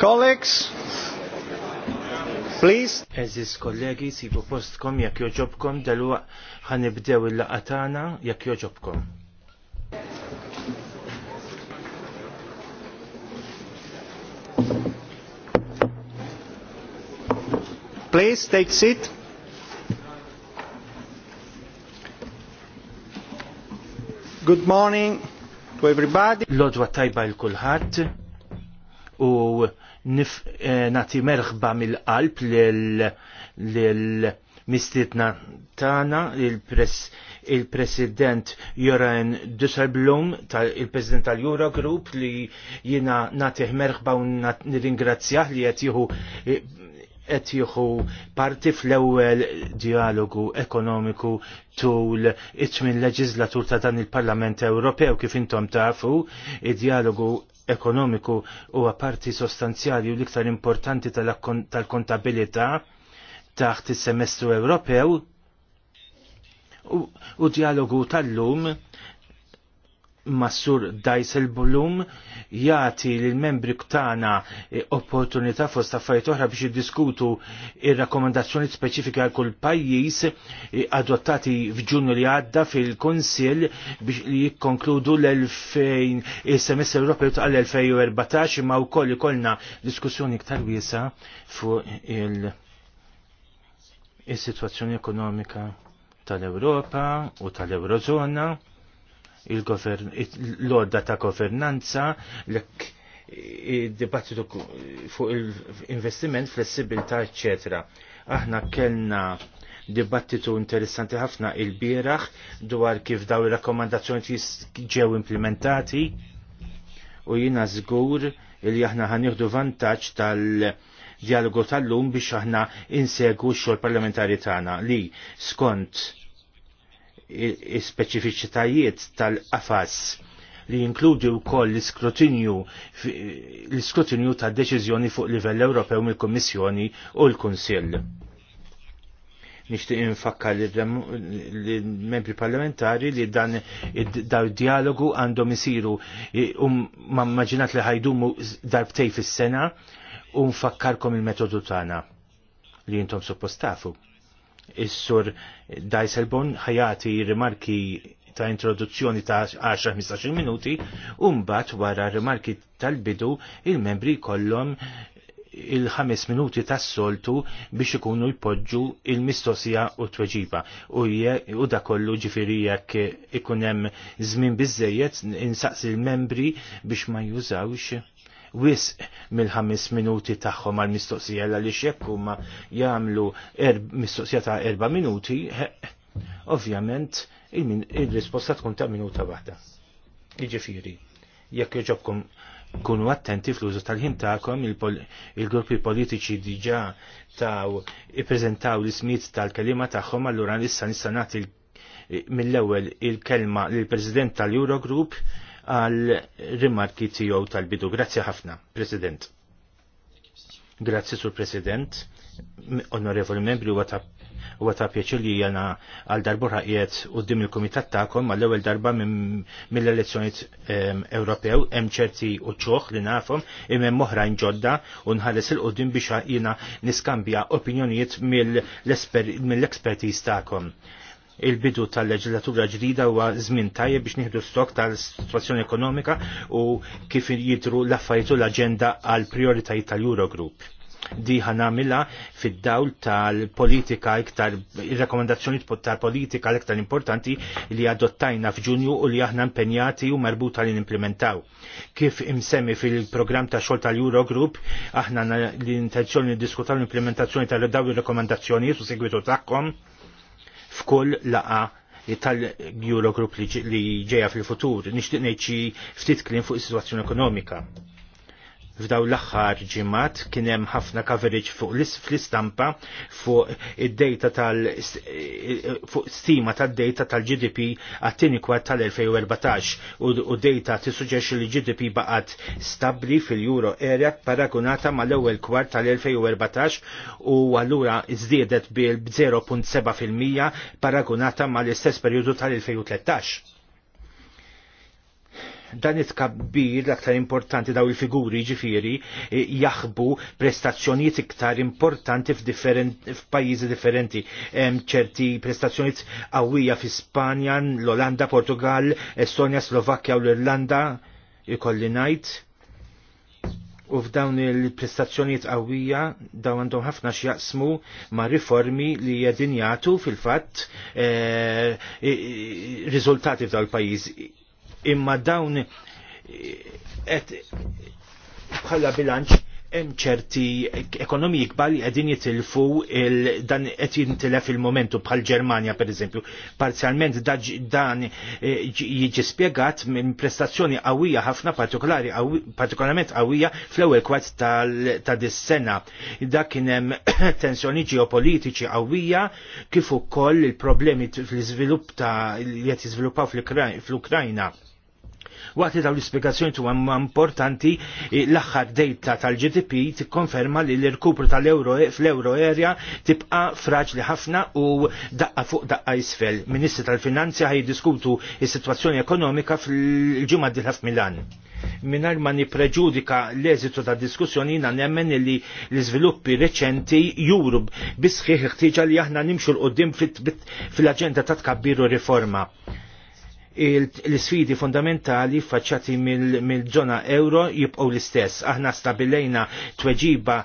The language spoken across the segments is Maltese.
Colleagues, please. Eżis kollegi, sibu postkom jak joġobkom, dal-waq ħanibdew il-laqatana jak joġobkom. Please take seat. Good morning to everybody. Lodwa tajba il kulħat u nif eh, nati merħba mill-qalb l-mistitna tana il-president il Joran Dusselblum, il-president tal-Euro Group li jina natiħ merħba u nir-ingrazzjaħ li jatiħu qed jieħu parti fl-ewwel dialogu ekonomiku tul it-tmin leġislatur ta' dan il-Parlament Ewropew kif intom tafu, id-dialogu ekonomiku huwa parti sostanzjali u l-iktar importanti tal-kontabilità taħt is-semestru Ewropew u, u dialogu tal-lum Massur Dajsel Bullum jati l-membri ktana eh, opportunità fost affarijiet oħra biex jiddiskutu il rakkomandazzjoni speċifika għal kull pajjiż eh, adottati f'Ġunju li għadda fil-Kunsill biex li jikkonkludu l-2000 is-semestru Ewropew tal-2014 ma wkoll ikollna diskussjoni iktar wiesa fuq il- situazzjoni sitwazzjoni ekonomika tal-Ewropa u tal-Eurozona l-odda ta' governanza, l-ek dibattitu fuq il-investiment, flessibilità, eccetera. Aħna kellna dibattitu interessanti ħafna il-bieraħ dwar kif daw il-rakkomandazzjoni ġew implementati u jina żgur li aħna ħanieħdu vantaġġ tal-dialogu tal-lum biex aħna insegu x-xogħol parlamentari tagħna li skont speċifiċitajiet tal-qafas li jinkludi wkoll l-iskrutinju l-iskrutinju ta' deċiżjoni fuq livell Ewropew mill-Kummissjoni u l-Kunsill. Nixtieq infakka l-membri parlamentari li dan id dialogu għandhom isiru um ma' maġinat li ħajdumu darbtej fis-sena u nfakkarkom il-metodu tagħna li jintom suppostafu. tafu Is-sur Dajselbon ħajati rimarki ta' introduzzjoni ta' 10-15 minuti, umbat wara rimarki tal-bidu il-membri kollom il-ħames minuti tas soltu biex ikunu jpoġġu il-mistoqsija u t tweġiba. U da kollu ġifiri jekk ikun hemm żmien insaqsi l-membri biex ma jużawx wis mill-ħamis minuti tagħhom għal mistoqsija l għaliex jekk huma jagħmlu mistoqsija ta' erba' minuti, ovvjament il-risposta tkun ta' minuta waħda. Jiġifieri, jekk joġobkom kunu attenti fl-użu tal-ħin ta'kom il-gruppi politiċi diġa taw ippreżentaw l-ismiet tal-kelima tagħhom allura nissa nista' nagħti mill-ewwel il-kelma lill-President tal-Eurogroup għal rimarki tiegħu tal-bidu. Grazzi ħafna, President. Grazzi sur President, onorevoli membri u huwa ta' li jena għal darbu ħaqiet u dim il-komitat ta'kom għal ewwel darba mill-elezzjoniet ehm, Ewropew hemm ċerti u ċoħ li nafhom imem oħrajn ġodda u nħares il-qudiem biex jiena niskambja opinjonijiet mill-ekspertiż ta'kom il-bidu tal-leġislatura ġdida huwa żmien tajjeb biex nieħdu stok tal-situazzjoni ekonomika u kif jidru l-affarijiet u l-aġenda għal prioritajiet tal-Eurogroup. Di ħanamila fid-dawl tal-politika iktar, il-rekomendazzjoni tal-politika l-iktar importanti li adottajna f'Ġunju u li aħna impenjati u marbuta li nimplementaw. Kif imsemmi fil-programm ta' xogħol tal-Eurogroup, aħna l-intenzjoni diskutaw l-implementazzjoni tal-dawl il-rekomendazzjoni u segwitu tagħhom f'kull laqa tal-Eurogroup li ġeja fil-futur. Nixtieq ngħid xi ftit kliem fuq is-sitwazzjoni ekonomika f'daw l-aħħar ġimgħat kien hemm ħafna coverage fuq fl-istampa fuq id-data tal fuq stima tad-data tal-GDP għat-tieni tal-2014 u data tissuġġerixxi li GDP baqgħet stabbli fil-euro area paragunata mal-ewwel kwad tal-2014 u allura żdiedet bil-0.7% paragunata mal-istess perjodu tal-2013 dan it-kabbir l-aktar importanti daw il-figuri ġifiri e, jaħbu prestazzjonijiet iktar importanti f'pajjiżi differenti. Hemm ċerti prestazzjoniet qawwija fi Spanja, l-Olanda, Portugal, Estonja, Slovakkja u l-Irlanda ikolli ngħid. U f'dawn il-prestazzjonijiet qawwija daw għandhom ħafna x'jaqsmu ma' riformi li jedin jagħtu fil-fatt e, e, riżultati il pajjiż imma dawn eh, et bħala bilanċ hemm ċerti ekonomiji kbar li qegħdin jitilfu dan qed jintilef il-momentu bħal Ġermanja pereżempju. Parzjalment dan eh, jiġi spjegat minn prestazzjoni qawwija ħafna partikolari partikolarment qawwija fl-ewwel kwart ta' dis-sena. Dak kien hemm tensjoni ġeopolitiċi qawwija kif ukoll il-problemi fl-iżvilupp ta' li qed jiżviluppaw fl-Ukrajna. Waqt li dawn l ispiegazzjoni tu għamma importanti eh, l-aħħar data tal-GDP tikkonferma li l-irkupru tal-euro fl-euro area tibqa fraġli ħafna u daqqa fuq daqqa isfel. Ministri tal-Finanzja ħajdiskutu is-sitwazzjoni ekonomika fil-ġimgħa dilha f'Milan. Minar ma nipreġudika l-eżitu ta' diskussjoni jina nemmen li l-izviluppi reċenti jurub bisħiħ ħtiġa li aħna nimxu l-qoddim fil-agenda ta' tkabbiru riforma l-sfidi fundamentali faċċati mill-ġona euro jibqgħu l-istess. Aħna stabilejna tweġiba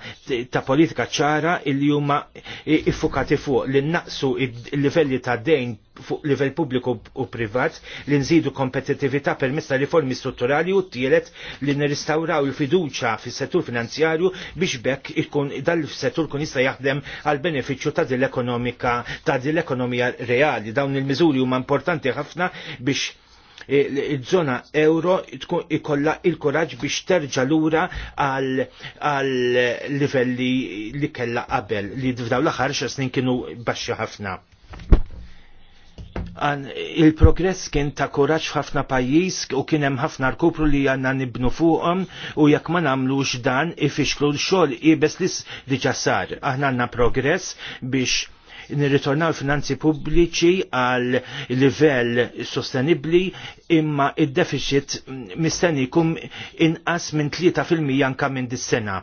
ta' politika ċara il huma iffukati fuq li naqsu il-livelli ta' dejn fuq livell pubbliku u privat li nżidu kompetitività permezz ta' riformi strutturali u tielet li nirristawraw il-fiduċa fis-settur finanzjarju biex bekk ikun dal-settur kun jista' jaħdem għal benefiċċju ta' din l-ekonomika ta' din l-ekonomija reali. Dawn il-miżuri huma importanti ħafna biex il-żona eh, euro tkun ikolla il-kuraġġ biex terġa lura għal livelli li kella qabel li f'daw l-aħħar snin kienu baxxi ħafna il-progress kien ta' kuraġġ f'ħafna pajjiż u kien hemm ħafna rkupru li għandna nibnu fuqhom u jekk ma nagħmlux dan ifixklu l-xogħol ibes li diġà sar. Aħna għandna progress biex nirritornaw finanzi pubbliċi għal livell sostenibli imma id-deficit mistenni jkun inqas minn 3% anka minn dis-sena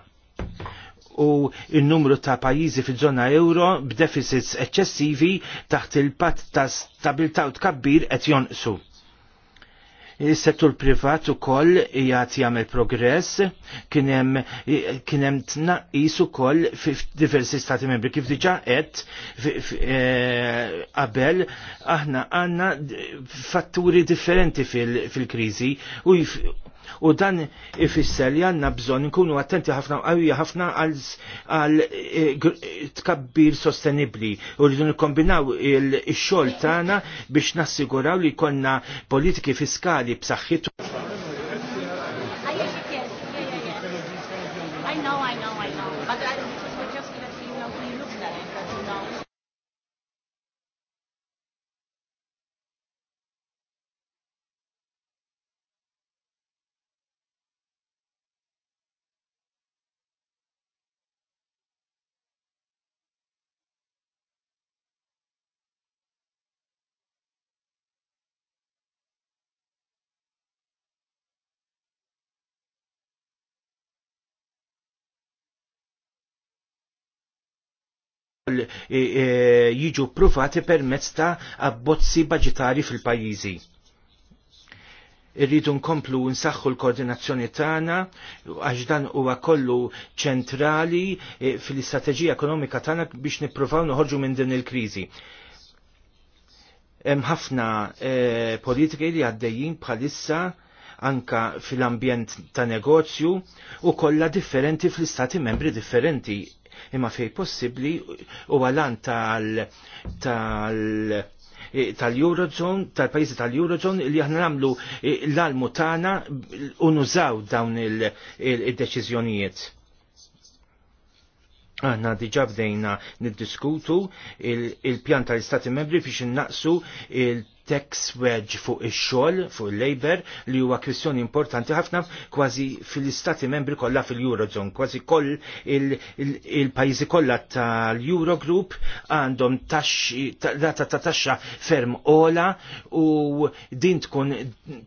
u il-numru ta' pajizi fil-ġona euro b'deficits eċċessivi taħt il-pat ta' stabilta' u tkabbir et jonqsu. Is-settur privat ukoll jgħat jagħmel progress kien hemm tnaqqis ukoll f'diversi stati membri kif diġà qed eh, qabel aħna għandna fatturi differenti fil-kriżi u u dan ifisser li għanna bżon nkunu attenti ħafna u qawwija ħafna għal eh, eh, tkabbir sostenibli u rridu nikkombinaw il-xogħol tagħna biex nassiguraw li konna politiki fiskali b'saħħitu. jiġu pruvati permezz ta' abbozzi budgetari fil-pajjiżi irridu nkomplu nsaħħu l-koordinazzjoni tagħna għax dan huwa kollu ċentrali e, fil-istrateġija ekonomika tagħna biex nippruvaw noħorġu minn din il-kriżi. Hemm ħafna e, politiki li għaddejjin bħalissa anka fil-ambjent ta' negozju u kollha differenti fl-istati membri differenti imma fej possibli u għalan tal tal eurozone tal-pajizi tal-Eurozone li aħna namlu eh, l-almu tagħna u nużaw dawn il-deċiżjonijiet. Aħna diġa bdejna niddiskutu il-pjan il pjan tal istati membri biex innaqsu il-tax wedge fuq ix-xogħol, fuq il-labor, li huwa kwistjoni importanti ħafna kważi fil-Istati membri kollha fil-Eurozone, kważi koll il-pajjiżi kollha tal-Eurogroup għandhom data ta' taxxa ferm ola u din tkun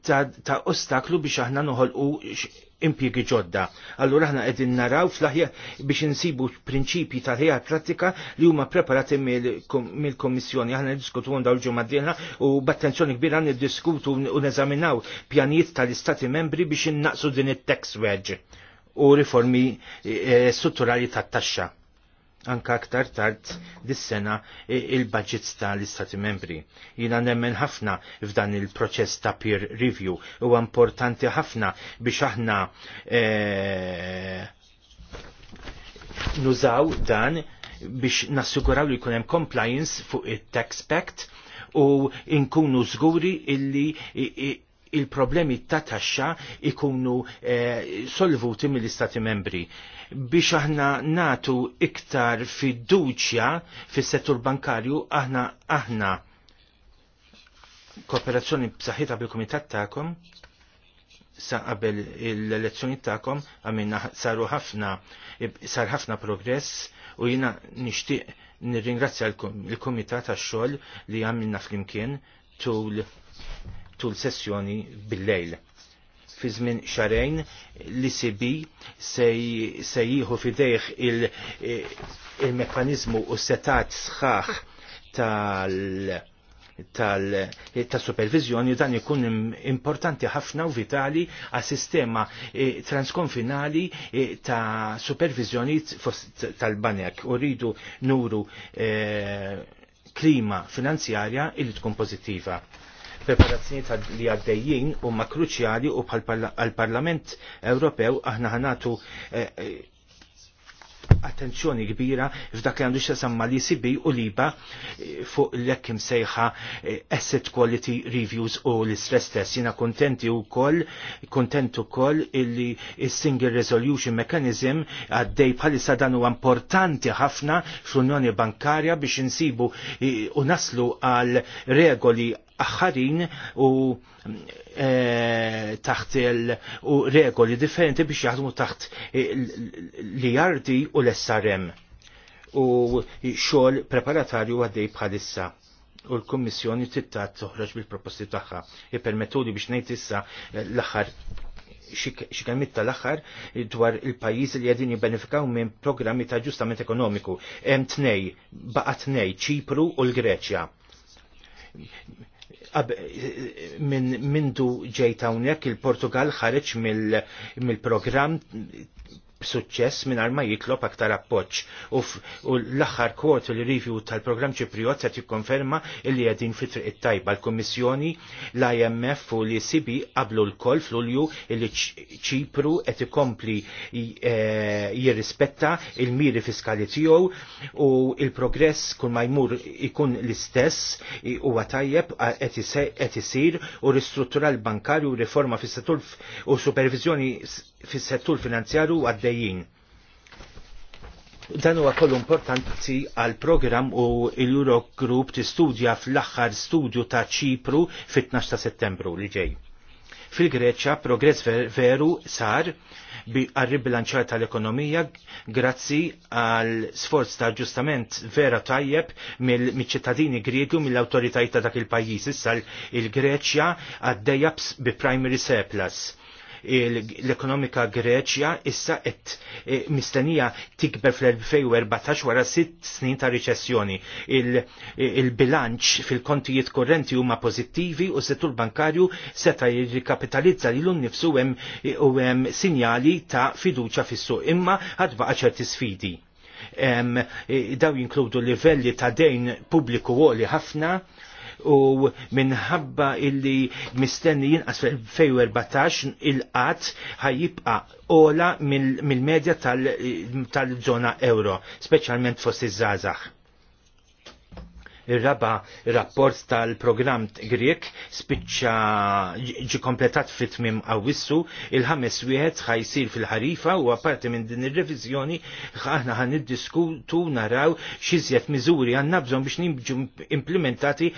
ta' ostaklu biex aħna noħolqu impjegi ġodda. Allura aħna qegħdin naraw fl-aħjar biex insibu prinċipji tal-ħjar pratika li huma preparati mill-Kommissjoni. Aħna niddiskutu dawn ġimgħa d-dieħla u b'attenzjoni kbira niddiskutu u neżaminaw pjanijiet tal-Istati membri biex innaqsu din it-tax wedge u riformi eh, strutturali tat-taxxa anka aktar tard dis-sena il-budgets tal-Istati membri. Jina nemmen ħafna f'dan il-proċess ta' peer review u importanti ħafna biex aħna e, nużaw dan biex nassiguraw li jkun hemm compliance fuq it-tax pact u nkunu żguri illi il-problemi ta' taxxa ikunu e, solvuti mill-Istati membri biex aħna natu iktar fiduċja fis-settur bankarju aħna aħna kooperazzjoni b'saħħitha bil-kumitat tagħkom sa qabel l-elezzjoni tagħkom għamilna saru ħafna sar ħafna progress u jiena nixtieq nirringrazzja l-kumitat għax-xogħol li għamilna flimkien tul tul sessjoni bil-lejl fi żmien xarejn li sibi se jieħu fidejh il-mekkanizmu il eh, u setat sħaħ tal- tal ta' supervizjoni dan ikun importanti ħafna u vitali għas sistema eh, transkonfinali eh, ta' supervizjoni tal-banek u rridu nuru klima finanzjarja il tkun pozittiva preparazzjoni ta' li għaddejjin huma kruċjali u għal-Parlament Ewropew aħna ħanatu eh, eh, attenzjoni kbira f'dak li għandu xasamma li sibi u liba eh, fuq l-ekkim sejħa asset quality reviews u l-stress test. Jina kontenti u koll, kontentu koll illi single resolution mechanism għaddej bħalissa dan u importanti ħafna fl-Unjoni Bankarja biex insibu u naslu għal regoli aħħarin u e, taħt u regoli differenti biex jaħdmu taħt li jardi u l-SRM u xogħol preparatarju għaddej bħalissa u l-Kommissjoni tittat toħroġ bil-proposti tagħha. Ipermettuli biex ngħid issa e, l-aħħar xikelmit tal-axar e, dwar il-pajjiż li għedin jibbenefikaw minn programmi ta' ġustament ekonomiku. Hemm 2 baqa' 2, Ċipru u l-Greċja minn mindu ġejt hawnhekk il-Portugal ħareġ mill-programm b'suċċess mingħajr ma jitlob aktar appoġġ. U l-aħħar kwot il-review tal-programm Ċipriot se jikkonferma li qegħdin fi triq tajba l-Kummissjoni, l-IMF u l-ECB qablu l f'Lulju fl-Ulju li ċipru qed ikompli e, jirrispetta il-miri fiskali tiegħu u il-progress kull ma jmur ikun l-istess huwa tajjeb qed isir u ristruttural bankarju u riforma fis-settur u supervizjoni fis-settur finanzjarju għaddej ġejjin. Dan huwa kollu importanti għal program u l Group tistudja fl-aħħar studju ta' Ċipru fit-12 ta' Settembru li ġej. Fil-Greċja progress ver veru sar għal ribilanċar tal-ekonomija grazzi għal sforz ta' ġustament vera tajjeb mill-ċittadini Griegu mill autoritajta ta' dak il-pajjiż. Issa il-Greċja għaddejja bi primary surplus l-ekonomika Greċja issa qed e, mistennija tikber fl-2014 wara sitt snin ta' riċessjoni. E, il-bilanċ fil-kontijiet korrenti huma pożittivi u settur bankarju seta' jirrikapitalizza lilu nnifsu e, u hemm sinjali ta' fiduċa fis-suq imma għad baqa' ċerti sfidi. Daw jinkludu livelli ta' dejn pubbliku għoli ħafna, u minħabba illi mistenni jinqas fil-2014 il-qat ħajibqa ola mill-medja tal-zona euro, specialment fost iż-żazax Ir-raba rapport tal-programm Grek spiċċa ġi kompletat fit-tmim għawissu, il-ħames wieħed ħajsir fil-ħarifa u apparti minn din ir-reviżjoni aħna ħan niddiskutu naraw xizjet miżuri għandna bżonn biex nimġu implementati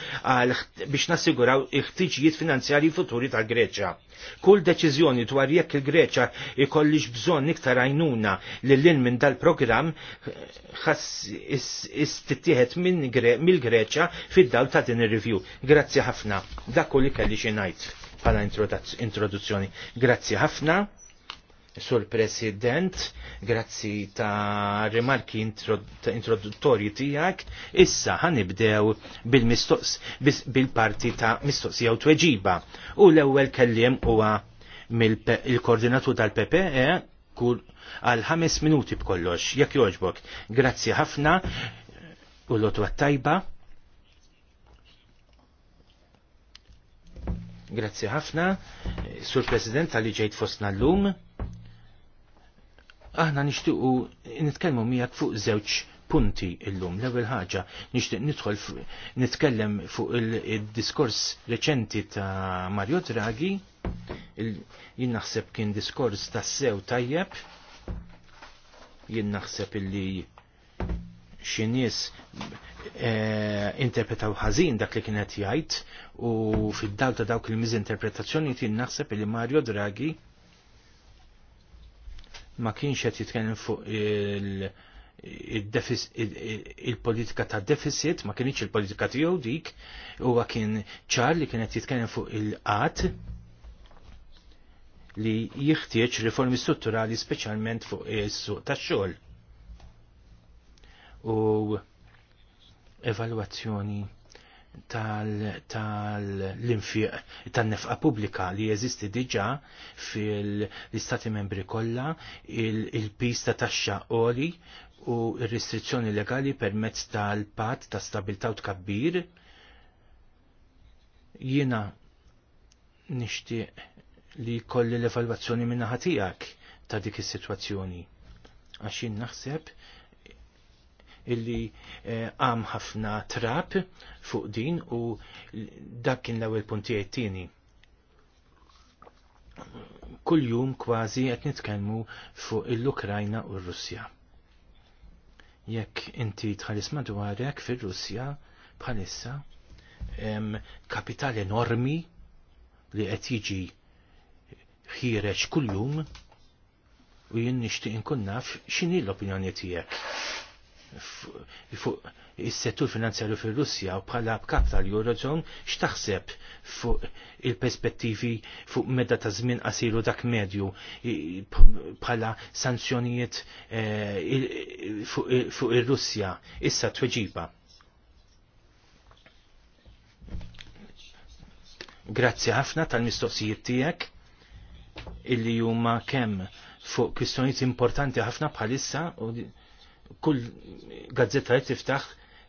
biex nassiguraw il-ħtiġijiet finanzjarji futuri tal-Greċja Kull deċiżjoni dwar jekk il-Greċa ikollix bżonn iktar għajnuna lil in minn dal program ħass istittieħed mill-Greċa fid-dawl ta' din ir-review. Grazzi ħafna. Dak li kelli xinajt ngħid bħala introduzzjoni. Grazzi ħafna. Sur President, grazzi ta' rimarki introduttorji tijak, issa ħanibdew bil-parti bil ta' mistoqsija u tweġiba. U l-ewel kellim huwa mill-koordinatur tal-PPE kull għal ħames minuti b'kollox, jekk joġbok. Grazzi ħafna u l otu tajba. Grazzi ħafna, Sur President, ali ġejt fostna l-lum Aħna u nitkellmu miegħek fuq żewġ punti illum. L-ewwel ħaġa nixtieq nidħol nitkellem fuq il-diskors reċenti ta' Mario Draghi, jien naħseb kien diskors ta' sew tajjeb, jien naħseb illi xinies eh, interpretaw ħażin dak li kienet jgħid u fid-dawl ta' dawk il-miżinterpretazzjoni jien naħseb illi Mario Draghi ma kienx qed jitkellem fuq il-politika ta' deficit, ma kienx il-politika tiegħu dik, huwa kien ċar li kien qed jitkellem fuq il-qatt li jieħtieġ riformi strutturali speċjalment fuq is-suq tax-xogħol. U evalwazzjoni tal-infiq, tal, infiq tal nefqa pubblika li jeżisti diġa fil-istati membri kollha il-pis ta' taxxa oli u r-restrizzjoni legali permezz tal-pat ta' stabilta' u tkabbir. Jiena nixtieq li kolli l-evalwazzjoni minna ħatijak ta' dik is-sitwazzjoni. Għaxin naħseb illi eh, għam eh, ħafna trap fuq din u dak kien l-ewwel puntijiet tieni. Kull kważi qed nitkellmu fuq l-Ukrajna u r-Russja. Jekk inti tħallis madwarek fir-Russja bħalissa kapital enormi li qed jiġi ħireġ kuljum u jien nixtieq inkun naf x'inhi l-opinjoni tiegħek fuq is-settur finanzjarju fir-Russja u bħala b'kap tal-Eurozone x'taħseb fuq il-perspettivi fuq medda ta' żmien qasiru dak medju bħala sanzjonijiet eh, fuq ir-Russja issa tweġiba. Grazzi ħafna tal-mistoqsijiet tiegħek illi huma kemm fuq kwistjonijiet importanti ħafna bħalissa u kull gazzetta li tiftaħ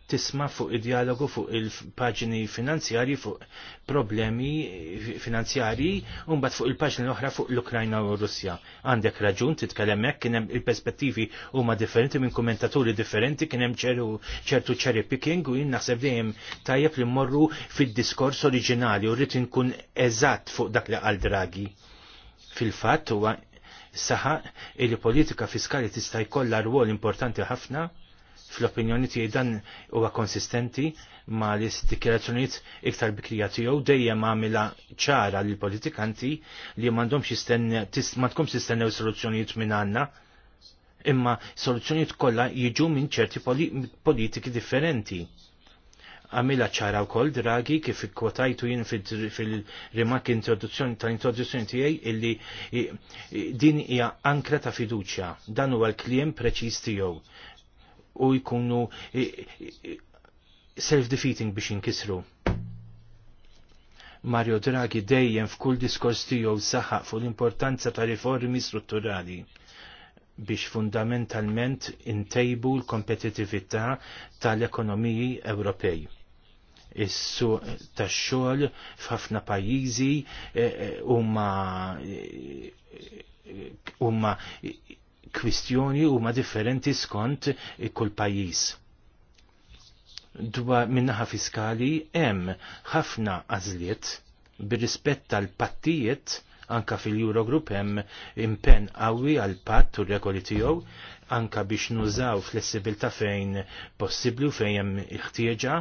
tisma fuq id-dialogu fuq il paġni finanzjari fuq problemi finanzjari unbat fuq il paġni l-oħra fuq l-Ukrajna u Russja. Għandek raġun titkellem hekk kien hemm il-perspettivi huma differenti minn kommentaturi differenti kien hemm ċertu cherry picking u jien naħseb dejjem tajjeb li mmorru fid-diskors oriġinali u rrid inkun eżatt fuq dak li qal dragi. Fil-fatt huwa saħaq il-politika fiskali tista' jkollha rwol importanti ħafna fl-opinjoni tiegħi dan huwa konsistenti ma l dikjerazzjonijiet iktar bikrija tiegħu dejjem għamilha ċara lil politikanti li m'għandhomx jistenne ma tkunx jistennew soluzzjonijiet minn għandna imma soluzzjonijiet kollha jiġu minn ċerti politiki differenti għamila ċara wkoll dragi kif ikkwotajtu jien fil-rimak introduzzjoni ta' introduzzjoni tiegħi illi din hija ankra ta' fiduċja. Dan huwa l-kliem preċiż tiegħu u jkunu self-defeating biex jinkisru. Mario Draghi dejjem f'kull diskors tiegħu saħaq fuq l-importanza ta' riformi strutturali biex fundamentalment intejbu l-kompetitività tal-ekonomiji Ewropej is su tax-xogħol f'ħafna pajjiżi eh, eh, huma eh, huma kwistjoni huma differenti skont kull pajjiż. Dwar minnaħa fiskali hemm ħafna għażliet bir-rispett tal-pattijiet anka fil-Eurogroup hemm impenn qawwi għal patt u regoli tiegħu anka biex nużaw flessibilta fejn possibbli u fejn hemm ħtieġa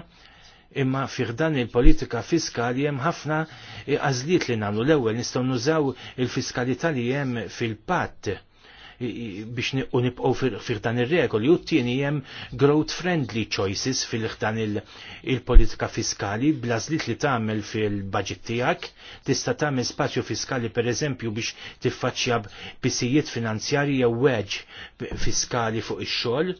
imma fiħdan il-politika fiskali hemm ħafna eh, għazliet li nagħmlu l-ewwel nistgħu nużaw il-fiskalità li hemm fil-patt eh, eh, biex u nibqgħu fiħdan ir-regoli u t-tieni hemm growth friendly choices fil dan il-politika fiskali bl-għażliet li tagħmel fil-budget tiegħek tista' tagħmel spazju fiskali pereżempju biex tiffaċċja bisijiet finanzjarji jew weġ fiskali fuq ix-xogħol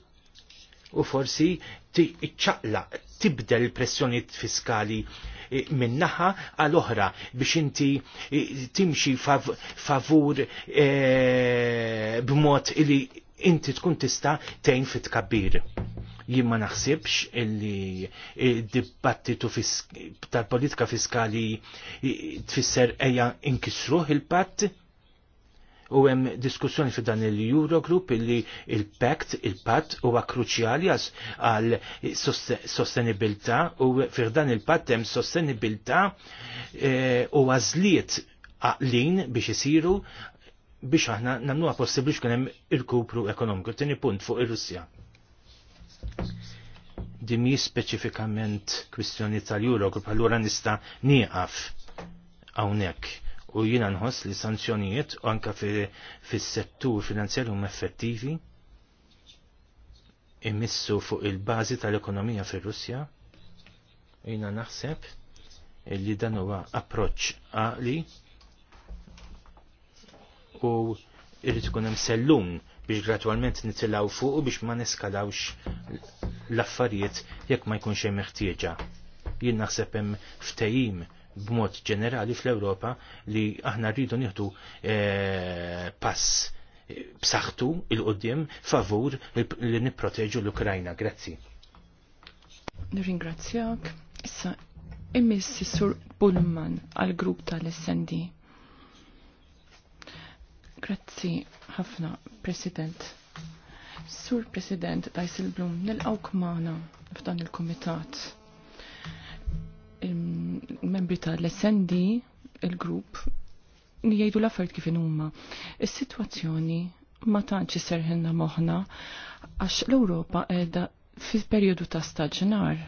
u forsi tiċċaqla tibdel pressjoni fiskali eh, minnaħa għal oħra biex inti eh, timxi fav favur e, b'mod li inti tkun tista' tgħin fit-tkabbir jien ma naħsibx illi dibattitu tal-politika fiskali tfisser eja inkisruħ il-patt u hemm diskussjoni fi dan il-Eurogroup illi il-pact, il-patt huwa kruċjali għal sostenibilità u fir dan il-patt hemm sostenibilità eh, u għażliet għaqlin biex isiru biex aħna nagħmluha possibbli x'kien hemm il-kupru ekonomiku. Tieni punt fuq ir-Russja. Dimi speċifikament kwistjoni tal-Eurogroup, allura nista' nieqaf hawnhekk u jina nħoss li sanzjonijiet anka fis-settur fi finanzjarju huma effettivi imissu fuq il-bażi tal-ekonomija fir-Russja. Jina naħseb li dan huwa approċċ għaqli u irrid ikun hemm sellum biex gradwalment nitilgħu fuq u biex ma neskalawx l-affarijiet jekk ma jkunx hemm ħtieġa. Jien naħseb hemm ftehim b'mod ġenerali fl-Ewropa li aħna rridu nieħdu eh, pass eh, b'saħħtu il qudiem favur li nipproteġu l-Ukrajna. Grazzi. Nirringrazzjak. Issa immis Sur Bullman għal-grupp tal-SND. Grazzi ħafna, President. Sur President Dajsil Blum, nil awk maħna f'dan il-komitat membri l snd il-grupp, li jgħidu l-affert kif huma. Is-sitwazzjoni ma tantx serħinna moħħna għax l-Ewropa qiegħda fil-perjodu ta' staġnar.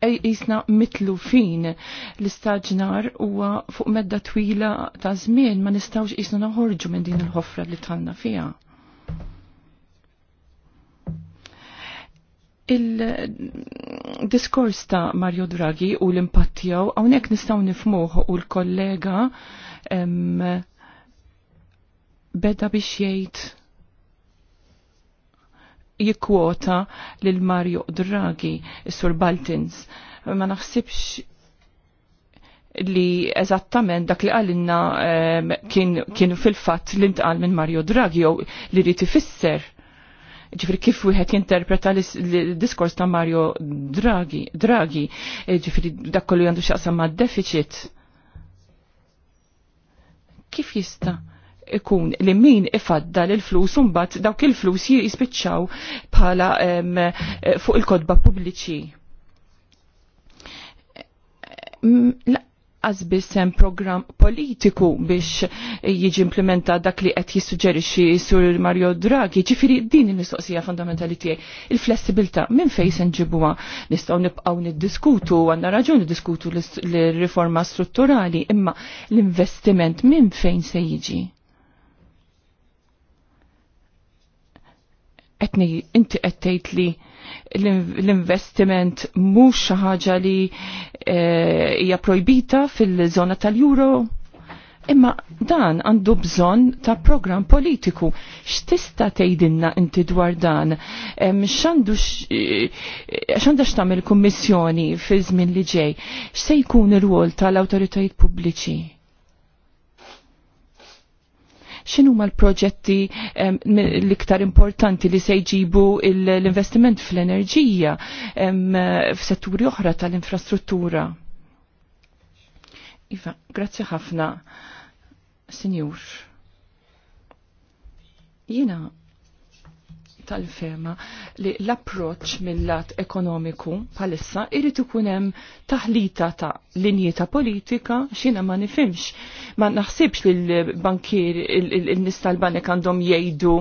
Jisna mitlu fin l-istaġnar huwa fuq medda twila ta' żmien ma nistgħux jisna naħorġu minn din il-ħofra li tħanna fiha. il-diskors ta' Mario Draghi u l-impattijaw għonek nistaw nifmuħ u l-kollega beda biex jgħid jikwota lil Mario Draghi, sur Baltins. Ma naħsibx li eżattament dak li għalinna kienu kien fil-fat l-intqal minn Mario Draghi jew li rriti fisser ġifri kif wieħed jinterpreta l-diskors ta' Mario Draghi, Draghi e, ġifri dak kollu għandu xaqsam ma' deficit. Kif jista' ikun li min ifadda l-flus unbat dawk il-flus jispiċċaw bħala e, fuq il-kodba pubbliċi għazbissem program politiku biex jiġi implementa dak li qed jissuġġerixxi sur Mario Draghi, ġifiri din il-mistoqsija fundamentali tiegħi. Il-flessibilità minn fejn se nġibuha nistgħu nibqgħu niddiskutu għandna raġun diskutu l-riforma strutturali, imma l-investiment minn fejn se jiġi. Etni, inti qed tgħid li l-investiment mhux xi ħaġa li eh, hija eh, projbita fil-żona tal-Euro. Imma dan għandu bżon ta' program politiku. X'tista' tgħidilna inti dwar dan? X'għandu eh, x'għandha x'tagħmel kummissjoni fi żmien li ġej? X'se jkun ir wol tal-awtoritajiet pubbliċi? xinu ma l-proġetti l-iktar importanti li se jġibu l-investiment fl-enerġija f-setturi oħra tal-infrastruttura. Iva, grazzi ħafna, Sinjur. Jena tal ferma li l-approċ mill-lat ekonomiku palissa irrit ikun hemm taħlita ta' linjeta politika xina ma nifimx. Ma naħsibx li l-bankier il-nis tal-banek għandhom jgħidu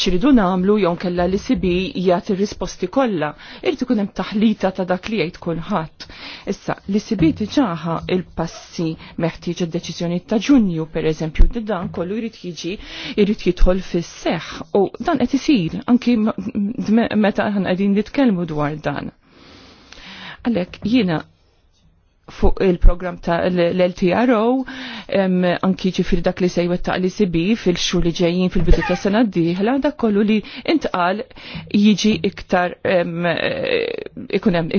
xiridu namlu jew kella li sibi jgħat il risposti kollha. Irrit ikun hemm taħlita ta' dak li jgħid kulħadd. Issa li sibi tiġaħa il-passi meħtieġ id deċizjoni ta' Ġunju per eżempju dan kollu jrid jiġi jrid jidħol fis-seħħ u dan qed isir anki meta ħan qegħdin nitkellmu dwar dan. Għalhekk jiena fuq il-programm ta' l-LTRO anki ġifir dak li sejwet ta' li sibi fil-xur li ġejjin fil-bidu ta' sena d-dieħla dak kollu li intqal jiġi iktar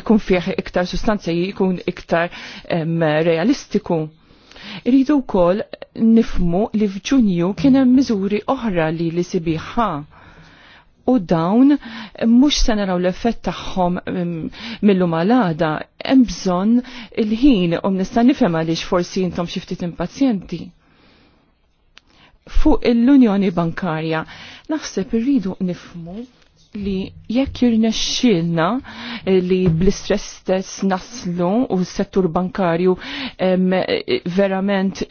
ikun fih iktar sustanza ikun iktar realistiku. Iridu wkoll nifmu li f'Ġunju kien hemm miżuri oħra li li sibiħa u dawn mhux se naraw l-effett tagħhom mm, mill-lum għalada, hemm bżonn il-ħin u nista' nifhem għaliex forsi intom xi ftit impazjenti. Fuq l-Unjoni Bankarja naħseb irridu nifmu li jekk jirnexxilna eh, li bl-istress stess naslu u s-settur bankarju em, eh, verament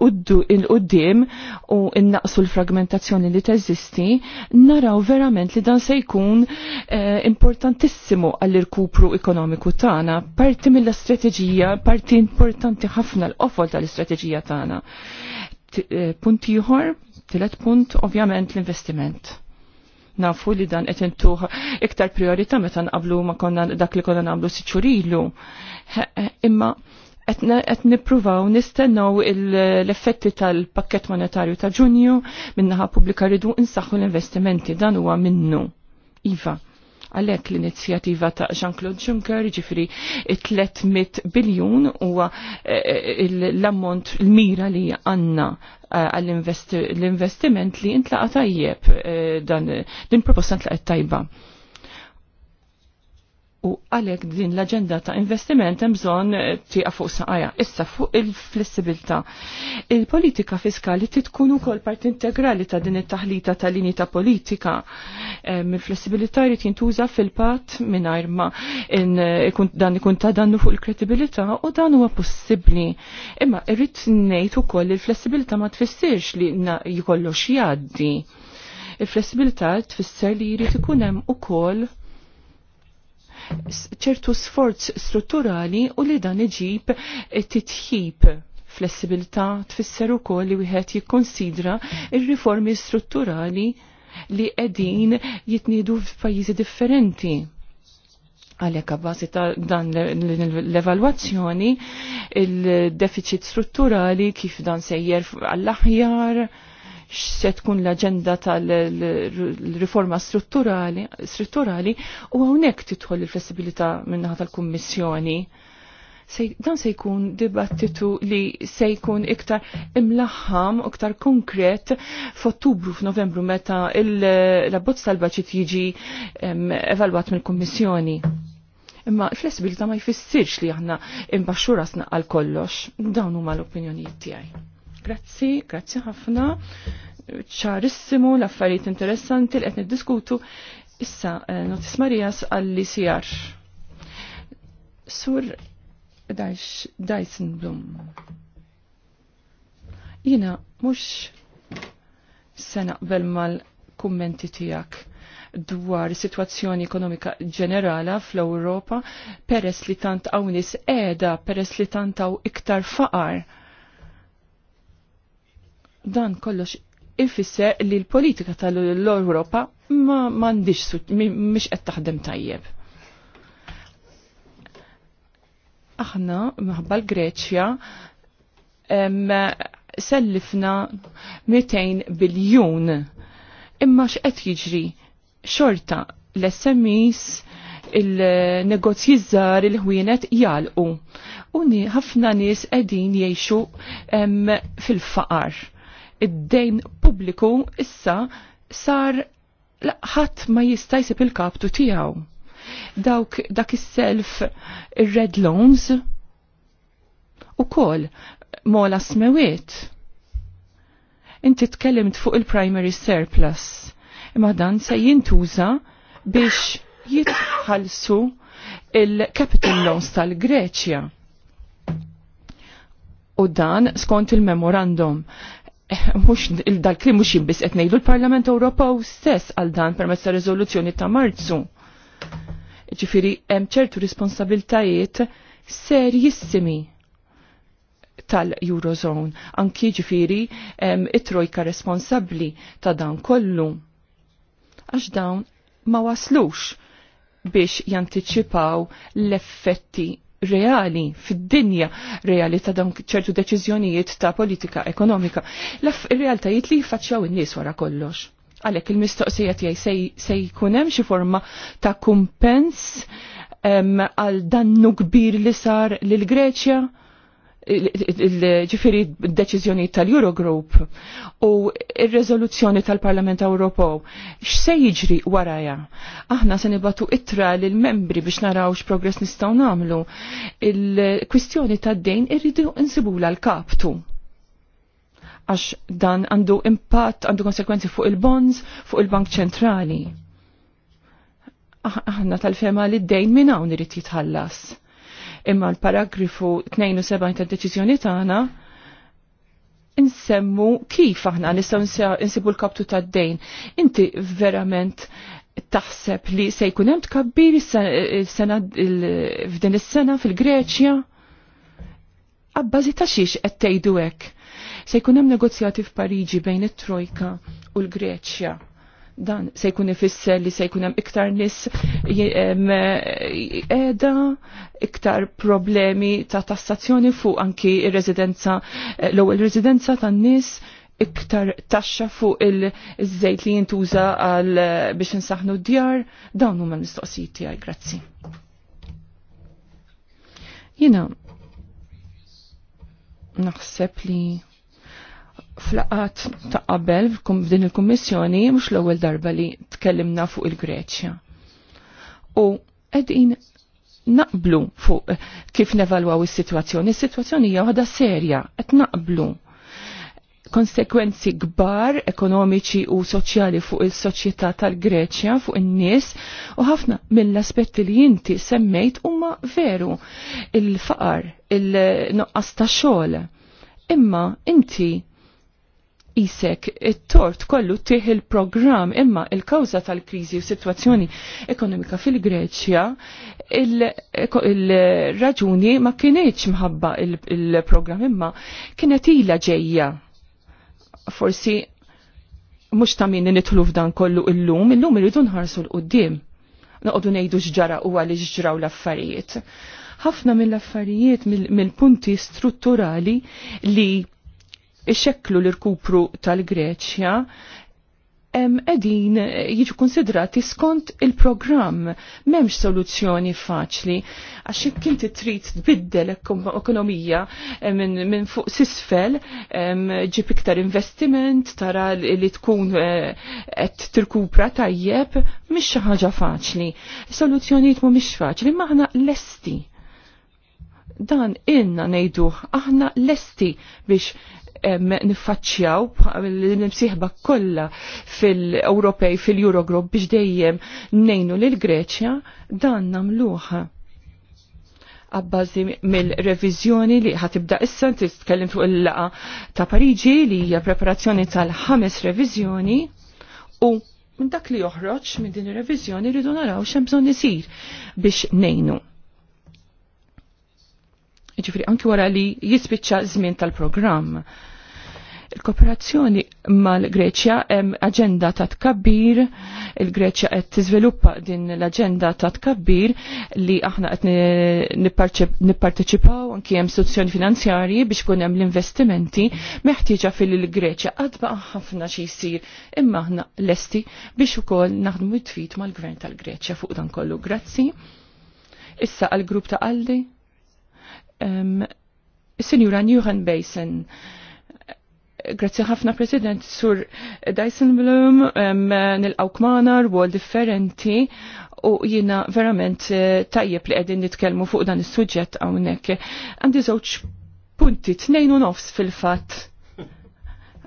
uddu il-qoddim u innaqsu l-fragmentazzjoni li teżisti, naraw verament li dan se jkun eh, għall-irkupru ekonomiku tagħna, parti mill-istrateġija, parti importanti ħafna l-qofol tal-istrateġija tagħna. Eh, punt ieħor, tielet punt, ovvjament l-investiment nafu li dan qed intuħ iktar priorità meta nqablu ma konna dak li konna nagħmlu siċurilu. Imma qed nippruvaw nistennew l-effetti tal-pakkett monetarju ta' Ġunju minnaħa pubblika ridu insaħħu l-investimenti dan huwa minnu. Iva għalek l-inizjativa ta' Jean-Claude Juncker ġifri 300 biljun huwa eh, eh, l-ammont l-mira li għanna għall-investiment li intlaqat tajjeb eh, dan din proposta intlaqat tajba. U għalek din l-agenda ta' investiment hemm bżonn eh, tieqa fuq saqajja. Issa fuq il-flessibilità. Il-politika fiskali titkun ukoll part integrali ta' din it-taħlita ta' linji ta' politika. Il-flessibilità jrid jintuża fil-pat mingħajr ma eh, dan ikun ta' dannu fuq il-kredibilità u dan huwa possibbli. Imma irrid ngħid ukoll il-flessibilità ma tfissirx li jikollox jgħaddi. Il-flessibilità tfisser li jrid ikun hemm ukoll ċertu sforz strutturali u li dan iġib titħib flessibilità tfisser ukoll li wieħed jikkonsidra ir-riformi strutturali li qegħdin jitniedu f'pajjiżi differenti Għalhekk abbażi ta' dan l-evalwazzjoni, il-deficit strutturali, kif dan sejjer għall-aħjar, x'se tkun l-aġenda tal-riforma strutturali, u hawnhekk titħol il-flessibilità minnaħa tal-Kummissjoni. Dan se jkun dibattitu li se jkun iktar imlaħħam, iktar konkret f'Ottubru f'Novembru meta l-abbozz tal-baċit jiġi evalwat mill-Kummissjoni. Imma flessibilità ma jfissirx li aħna imbaxxu rasna għal kollox. Dawn huma l-opinjonijiet tiegħi. Grazzi, grazzi ħafna. ċarissimu l-affarijiet interessanti li qed niddiskutu. Issa, eh, notis Marijas għalli sijar. Sur Dyson Blum. Jina, mux se naqbel mal-kummenti tijak dwar situazzjoni ekonomika ġenerala fl-Europa peress li tant għawnis edha, peress li tant għaw iktar faqar Dan kollox ifisser li l-politika tal-Europa ma mandiċ miex qed taħdem tajjeb. Aħna maħbal l-Greċja sellifna 200 biljun imma x'qed jiġri xorta l-SMEs il-negozji żgħar il-ħwienet jalqu. Uni ħafna nies qegħdin jgħixu fil-faqar id-dejn pubbliku issa sar ħadd ma jista' jsib il-kaptu tiegħu. Dawk dak is-self ir-red loans ukoll mola smewiet. Inti tkellimt fuq il-primary surplus imma dan se jintuża biex jitħallsu il-capital loans tal-Greċja. U dan skont il-memorandum Eh, mux dal-klim mux jimbis qed ngħidu l-Parlament Ewropew stess għal dan permezz ta' riżoluzzjoni ta' Marzu. Ġifiri, hemm ċertu responsabiltajiet serjissimi tal-Eurozone, anki ġifiri it-trojka responsabli ta' dan kollu. Għax dawn ma waslux biex jantiċipaw l-effetti reali fid-dinja reali ta' dawn ċertu deċiżjonijiet ta' politika ekonomika. L-realtajiet li jfaċċjaw in-nies wara kollox. Għalhekk il-mistoqsija tiegħi se jkun hemm xi forma ta' kumpens għal dannu kbir li sar lil Greċja ġifiri d-deċizjoni tal-Eurogroup u il-rezoluzzjoni tal-Parlament Ewropew x'se jiġri waraja. Aħna se nibatu ittra lil membri biex naraw x'progress nistgħu nagħmlu. Il-kwistjoni tad-dejn irridu insibula l-kaptu għax dan għandu impatt, għandu konsekwenzi fuq il-bonds, fuq il-Bank Ċentrali. Aħna tal-fema li d-dejn minn hawn irid jitħallas imma l-paragrafu 72 ta' deċiżjoni tagħna insemmu kif aħna nistgħu insibu l-kaptu tad-dejn. Inti verament taħseb li se jkun hemm tkabbir sena f'din is-sena fil-Greċja? Abbażi ta' xiex qed tgħidu hekk. Se jkun hemm negozjati f'Pariġi bejn it-Trojka u l-Greċja dan se jkun ifisser li se jkun hemm iktar nis qiegħda iktar problemi ta' tassazzjoni fuq anki ir-residenza eh, l-ewwel residenza tan-nies iktar taxxa fuq il-żejt li jintuża għal eh, biex insaħnu d-djar dawn huma l-mistoqsijiet tiegħi grazzi. Jiena naħseb li flaqat ta' qabel f'din il-kummissjoni mhux l-ewwel darba li tkellimna fuq il-Greċja. U qegħdin naqblu fuq eh, kif nevalwaw is-sitwazzjoni. Is-sitwazzjoni hija waħda serja, qed naqblu konsekwenzi kbar ekonomiċi u soċjali fuq il-soċjetà tal-Greċja, fuq in-nies, u ħafna mill-aspetti li inti semmejt huma veru il-faqar, il-noqqas ta' xogħol. Imma inti isek it-tort kollu tih il-programm imma il-kawza tal-krizi u situazzjoni ekonomika fil-Greċja il-raġuni ma kienieċ mħabba il-programm imma kienet ila ġejja. Forsi mux ta' min nitlu f'dan kollu illum, illum irridu nħarsu l-qoddim. Naqdu nejdu xġara u għal xġraw l-affarijiet. ħafna mill-affarijiet mill-punti strutturali li Ixekklu l-irkupru tal-Greċja edin jiġu konsidrati skont il-programm memx soluzzjoni faċli għax kien inti trid tbiddel ekonomija eh, minn min fuq sisfel ġib iktar investiment tara li tkun eh, qed tirkupra tajjeb mhix xi ħaġa faċli. Soluzzjonijiet mhumiex faċli maħna lesti dan inna nejduħ, aħna lesti biex niffaċċjaw l-imsieħba kollha fil-Ewropej fil-Eurogroup biex dejjem nejnu l Greċja dan nagħmluha għabbażi mill-revizjoni li ħatibda issa tkellem fuq il-laqa ta' Pariġi li hija preparazzjoni tal-ħames revizjoni u minn dak li joħroġ minn din ir-reviżjoni rridu naraw x'hemm bżonn isir biex nejnu. Jiġifieri anki wara li jispiċċa żmien tal-programm Il-kooperazzjoni mal-Greċja hemm aġenda ta' tkabbir, il-Greċja qed tiżviluppa din l-aġenda ta' tkabbir li aħna qed nipparteċipaw anki hemm istituzzjoni finanzjarji biex kun hemm l-investimenti meħtieġa fil-Greċja qadba ħafna xi jsir imma aħna lesti biex ukoll naħdmu t-tfit mal-Gvern tal-Greċja fuq dan kollu. Grazzi. Issa għal-grupp ta' Aldi. Um, Sinjura Newhan Basin Grazzi ħafna President Sur Dyson Bloom nilqawk kmana rwol differenti u jina verament eh, tajjeb li qegħdin nitkellmu fuq dan is-suġġett hawnhekk. Għandi żewġ punti tnejn u nofs fil-fatt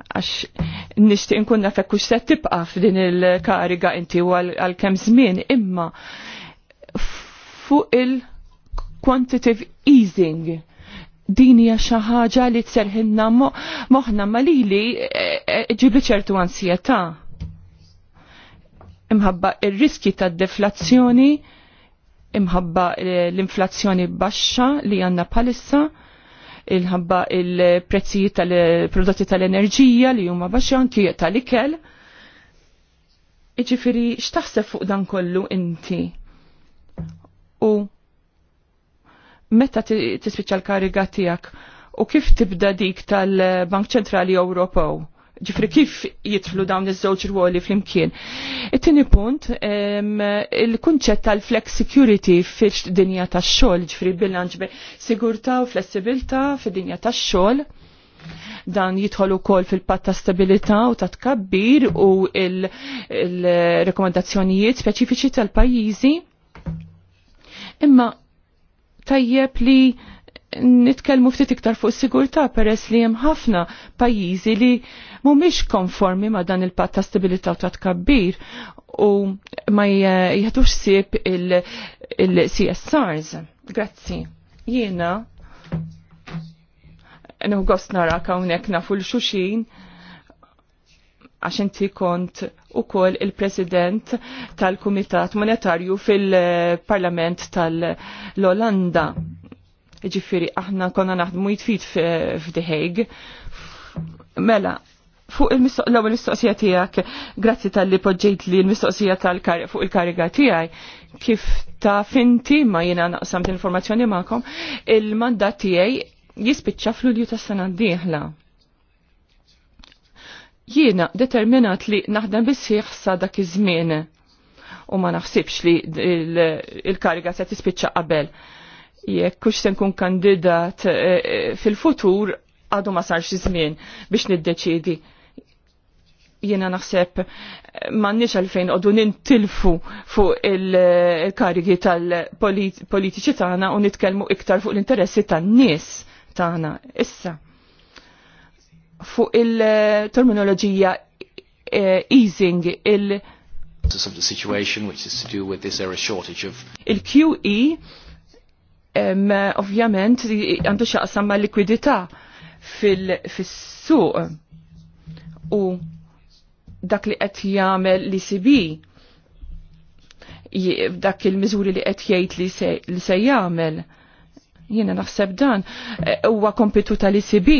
għax nishti nkun nafek kux se tibqa' f'din il-kariga inti u għal kem żmien imma fuq il-quantitative easing din hija xi ħaġa li tserħinna moħħna ma e, e, ġibli ċertu ansjetà. Imħabba ir-riski tad-deflazzjoni, imħabba e, l-inflazzjoni baxxa li għandna palissa, imħabba il-prezzijiet tal-prodotti tal-enerġija li huma baxxa anki tal-ikel. Iġifieri x'taħseb fuq dan kollu inti? U meta tispiċċa l-kariga tiegħek u kif tibda dik tal-Bank Ċentrali Ewropew? Ġifri kif jitflu dawn iż-żewġ ruoli flimkien. It-tieni punt, il-kunċett tal-flex security fiex dinja tax-xogħol, ġifri bilanċ be sigurtà u flessibilità fid-dinja tax-xogħol dan jidħol ukoll fil-patt ta' stabilità u ta' tkabbir u il-rekomendazzjonijiet speċifiċi tal-pajjiżi. Imma tajjeb li nitkellmu ftit iktar fuq sigurtà peress li hemm ħafna pajjiżi li mhumiex konformi ma' dan il-patt ta' stabilità u ta' tkabbir u ma jħatux sib il-CSRs. Il Grazzi. Jiena nħu gost narak hawnhekk nafu l-xuxin għax inti kont u koll il-president tal-Kumitat Monetarju fil-Parlament tal-Olanda. Ġifiri, aħna konna naħdmu jitfit f'Deheg. Mela, fuq l-ewwel mistoqsija tiegħek, grazzi tal-li poġġejt li il mistoqsija tal-kar fuq il-kariga tiegħi, kif ta' finti ma jiena naqsam l-informazzjoni magħkom, il-mandat tiegħi jispiċċa fl-ulju tas-sena d-dieħla Jiena determinat li naħdem bisħiħ sa dak iż-żmien u ma naħsibx li il-kariga se tispiċċa qabel. Jekk kux se nkun kandidat eh, eh, fil-futur għadu ma sarx żmien biex niddeċidi. Jiena naħseb m'għandniex għalfejn qogħdu nintilfu fuq il-karigi tal-politiċi tagħna u nitkellmu iktar fuq l-interessi tan-nies tagħna issa fuq il-terminoloġija eh, easing il- of the situation which is to do with this era shortage of il-QE um, ovvjament għandu xaqsam ma' likwidità fil-suq u dak li qed jagħmel l cb dak il-miżuri li qed jgħid li se jagħmel Jiena naħseb dan eh, huwa kompitu tal-ICB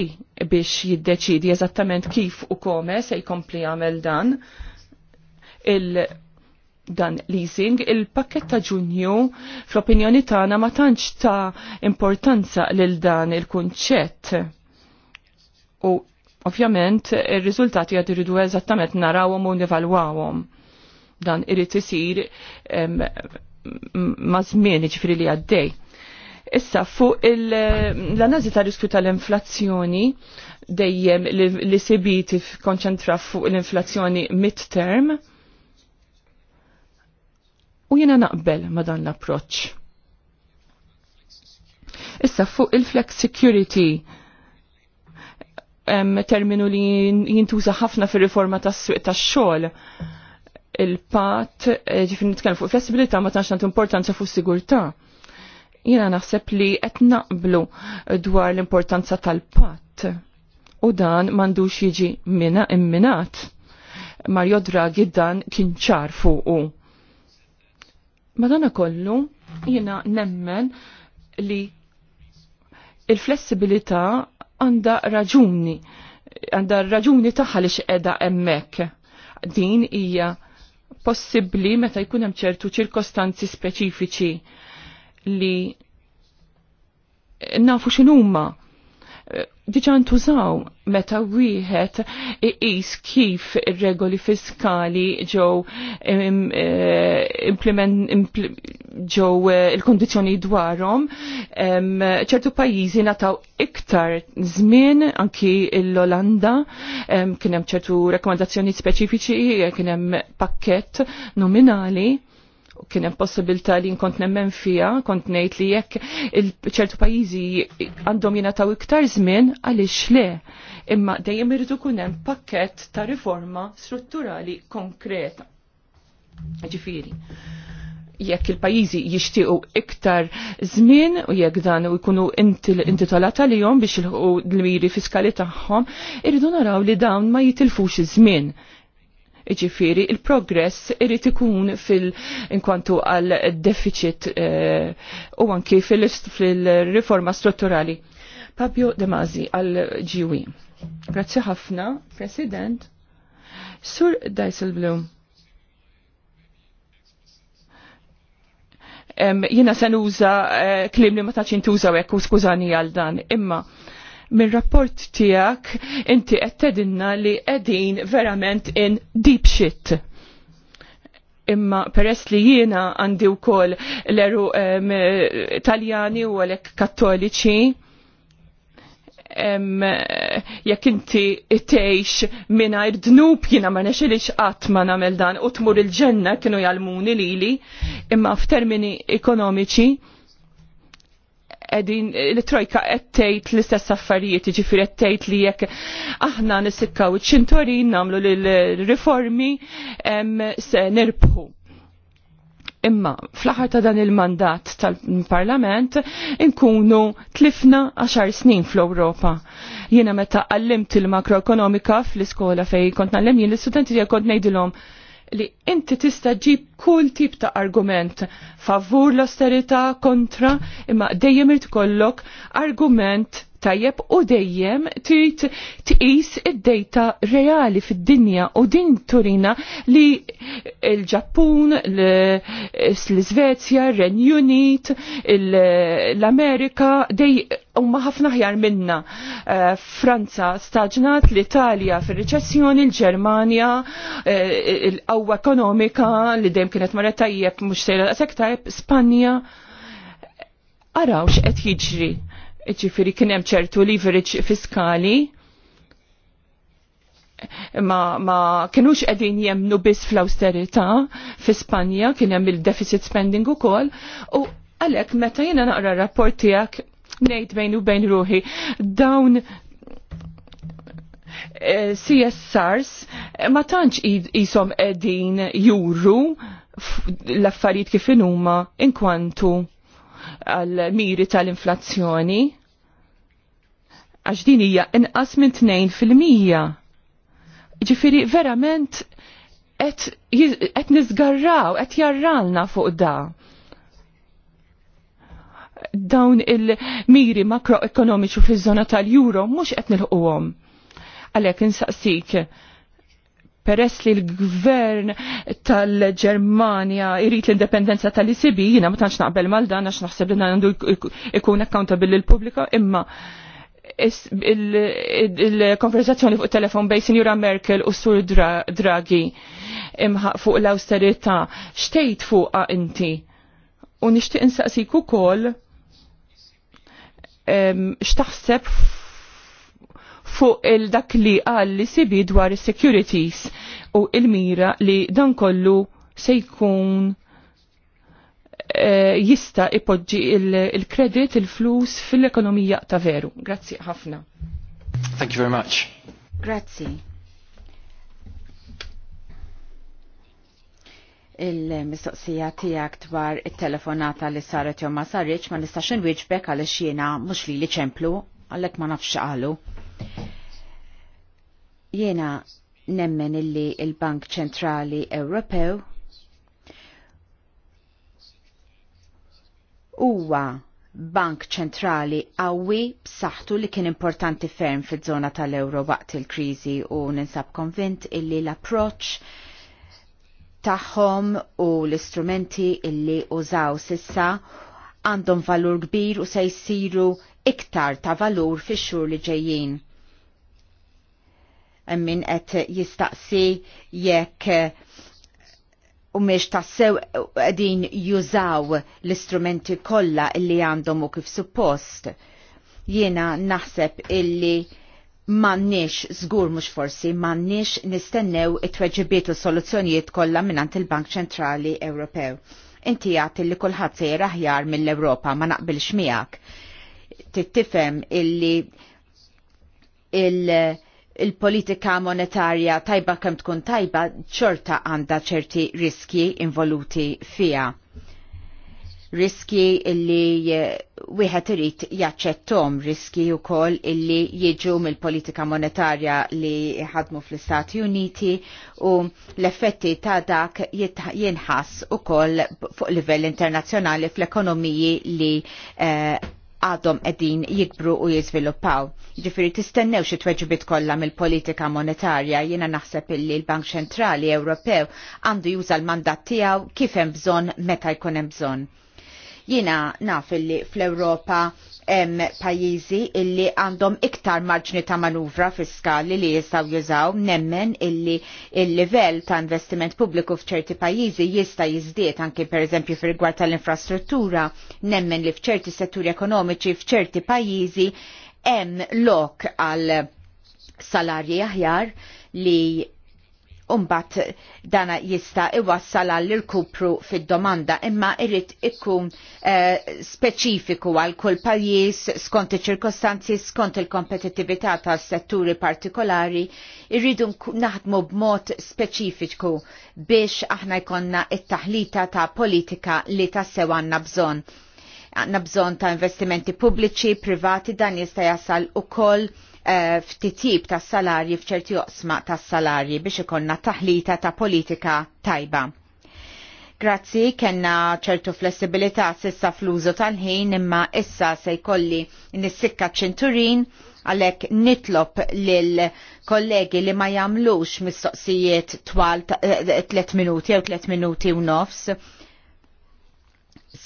biex jiddeċidi eżattament kif u kome se jkompli jagħmel dan il dan leasing, il-pakket ta' ġunju fl-opinjoni tagħna ma tantx ta' importanza lil dan il-kunċett. U ovvjament ir-riżultati qed iridu eżattament narawhom u nivalwawhom. Dan irid isir ma' żmien iġifieri li għaddej Issa fuq l-analiżi ta' riskju tal-inflazzjoni dejjem li sibi konċentra fuq l-inflazzjoni mid-term u jiena naqbel ma dan l-approċċ. Issa fuq il-flex security terminu li jintuża ħafna fir riforma tas suq tax xogħol il-pat eh, ġifin nitkan fuq flessibilità ma tantx tant importanza fuq sigurtà. Jiena naħseb li qed naqblu dwar l-importanza tal-patt u dan m'għandux jiġi minna imminat. Mario Draghi dan kien ċar fuqu. Madonna kollu jiena nemmen li il-flessibilità għanda raġuni għanda raġuni taħħa li xqeda emmek. Din hija possibbli meta jkun hemm ċertu ċirkostanzi speċifiċi li nafu x'inhuma diġan tużaw meta wieħed iqis kif regoli fiskali ġew eh, implement ġew eh, il kondizjoni dwarhom ċertu pajjiżi nataw iktar żmien anki l-Olanda kien hemm ċertu rekomandazzjoni speċifiċi kien hemm pakkett nominali kien hemm possibilità li nkont nemmen fiha, kont ngħid li jekk ċertu pajjiżi għandhom jingħataw iktar żmien għaliex le. Imma dejjem irid ikun hemm pakkett ta' riforma strutturali konkreta. Ġifieri jekk il pajjiżi jixtiequ iktar żmien u jekk dan u jkunu intitolata li jom biex il-miri fiskali tagħhom, irridu naraw li dawn ma jitilfux iż-żmien iġifiri il-progress irrit ikun fil-inkwantu għal deficit eh, u anki fil-riforma strutturali. Pabio De Masi għal ġiwi. Grazzi ħafna, President. Sur Dijsselbloem. Um, jina sanuża uh, eh, klim li ma taċin tużaw ekku skużani għal dan, imma mir rapport tijak inti għettedinna li edin verament in deep shit. Imma peress li jiena għandi kol l-eru um, italjani u għalek kattoliċi, jekk inti tgħix mingħajr dnub jiena ma nexilix qatt ma nagħmel dan u tmur il-ġenna kienu jalmuni lili, imma f'termini ekonomiċi edin il-trojka ettejt l-istess affarijiet, ġifir ettejt li jekk aħna nisikkaw ċintorin namlu l-riformi se nirbħu. Imma fl-aħħar ta' dan il-mandat tal-Parlament inkunu tlifna għaxar snin fl-Ewropa. Jiena meta għallimt il-makroekonomika fl-iskola fej kont nallem jien l-istudenti li kont ngħidilhom li inti tista' ġib kull tip ta' argument favur l-austerità kontra imma dejjem irid argument tajjeb u dejjem trid tqis id-dejta reali fid-dinja u din turina li l-Ġappun, l-Svezja, r-Renju Unit, l-Amerika dej huma ħafna ħjar minna. Eh, Franza staġnat, l-Italja fir-riċessjoni, l-Ġermanja, eh, l-qawwa ekonomika li dejjem kienet marret tajjeb mhux sejra sektajb, Spanja. Araw x'qed jiġri ċifiri kienem ċertu leverage fiskali ma, ma kienux edin jemnu bis fl-austerita fi Spanja kienem il-deficit spending u kol u għalek meta jena naqra rapportijak nejt bejn u bejn ruħi dawn eh, CSRs eh, ma tantx jisom qegħdin juru l-affarijiet kif inhuma inkwantu għal miri tal-inflazzjoni għax din hija inqas minn 2%. Ġifieri verament qed nizgarraw, qed jarralna fuq da. Dawn il-miri makroekonomiċi fiż-żona tal-Euro mhux qed nilħquhom. Għalhekk insaqsik peress li l-gvern tal ġermania irrit l-indipendenza tal-ICB, jina ma tantx naqbel mal-dan għax naħseb li għandu ikun accountable l-pubblika, imma il konversazzjoni fuq telefon bej Sinjura Merkel u Sur Draghi fuq l-austerita, xtejt fuqa inti? U nishtiq insaqsiku kol xtaħseb fuq il-dak li għal li sibi dwar securities u il-mira li dan kollu se jkun eh, jista ipoġġi il-kredit, il kredit il fil-ekonomija ta' veru. Grazzi ħafna. Thank you very much. Grazzi. il-mistoqsija tijak dwar il-telefonata li saret jom ma sarriċ ma nistax wieġbek għal xiena mux li li ċemplu għallek ma nafx għalu. Jena nemmen illi il-Bank Ċentrali Ewropew huwa bank ċentrali qawwi b'saħħtu li kien importanti ferm fiż-żona tal-euro waqt il-kriżi u ninsab konvint illi l-approċċ tagħhom u l-istrumenti illi użaw sissa għandhom valur kbir u se jsiru iktar ta' valur fix-xhur li ġejjin min qed jistaqsi jekk eh, u miex tassew għedin jużaw l-istrumenti kolla illi għandhom u kif suppost. Jiena naħseb illi mannix zgur mux forsi mannix nistennew it-tweġibiet u soluzzjonijiet kolla minnant il-Bank Ċentrali Ewropew. Inti għat illi kullħat sejr aħjar mill-Ewropa ma naqbilx miegħek. Tittifem illi il- il-politika monetarja tajba kem tkun tajba ċorta għanda ċerti riski involuti fija. Riski illi wieħed irid jaċċettom riski wkoll illi jiġu mill-politika monetarja li ħadmu fl-Istati Uniti u l-effetti ta' dak jinħass ukoll fuq livell internazzjonali fl-ekonomiji li eh, għadhom edin jikbru u jizviluppaw. Ġifiri tistennew xi tweġibit kollha mill-politika monetarja jiena naħseb illi l-Bank Ċentrali Ewropew għandu juża l-mandat tiegħu kif hemm bżonn meta jkun hemm bżonn. Jiena naf illi fl-Ewropa hemm pajjiżi illi għandhom iktar marġni ta' manuvra fiskali li jistgħu jużaw nemmen illi il-livell ta' investiment pubbliku f'ċerti pajjiżi jista' jiżdied anke pereżempju fir-rigward tal-infrastruttura, nemmen li f'ċerti setturi ekonomiċi f'ċerti pajjiżi hemm lok għal salarji aħjar li umbat dana jista iwassal l-kupru fid-domanda imma irrit ikun eh, speċifiku għal kull pajjiż skont il ċirkostanzi skont il kompetitività tal setturi partikolari irridu naħdmu b'mod speċifiku biex aħna jkonna it-taħlita ta' politika li tassew għandna bżonn. Għanna bżonn ta' investimenti pubbliċi, privati dan jista' jasal ukoll Eh, ftitib ta' salarji fċerti oqsma ta' salarji biex ikonna taħlita ta' politika tajba. Grazzi, kena ċertu flessibilità sissa fl-użu tal-ħin imma issa se jkolli nissikka ċinturin għalek nitlob lil kollegi li ma jamlux mistoqsijiet twal 3 eh, minuti jew 3 minuti u nofs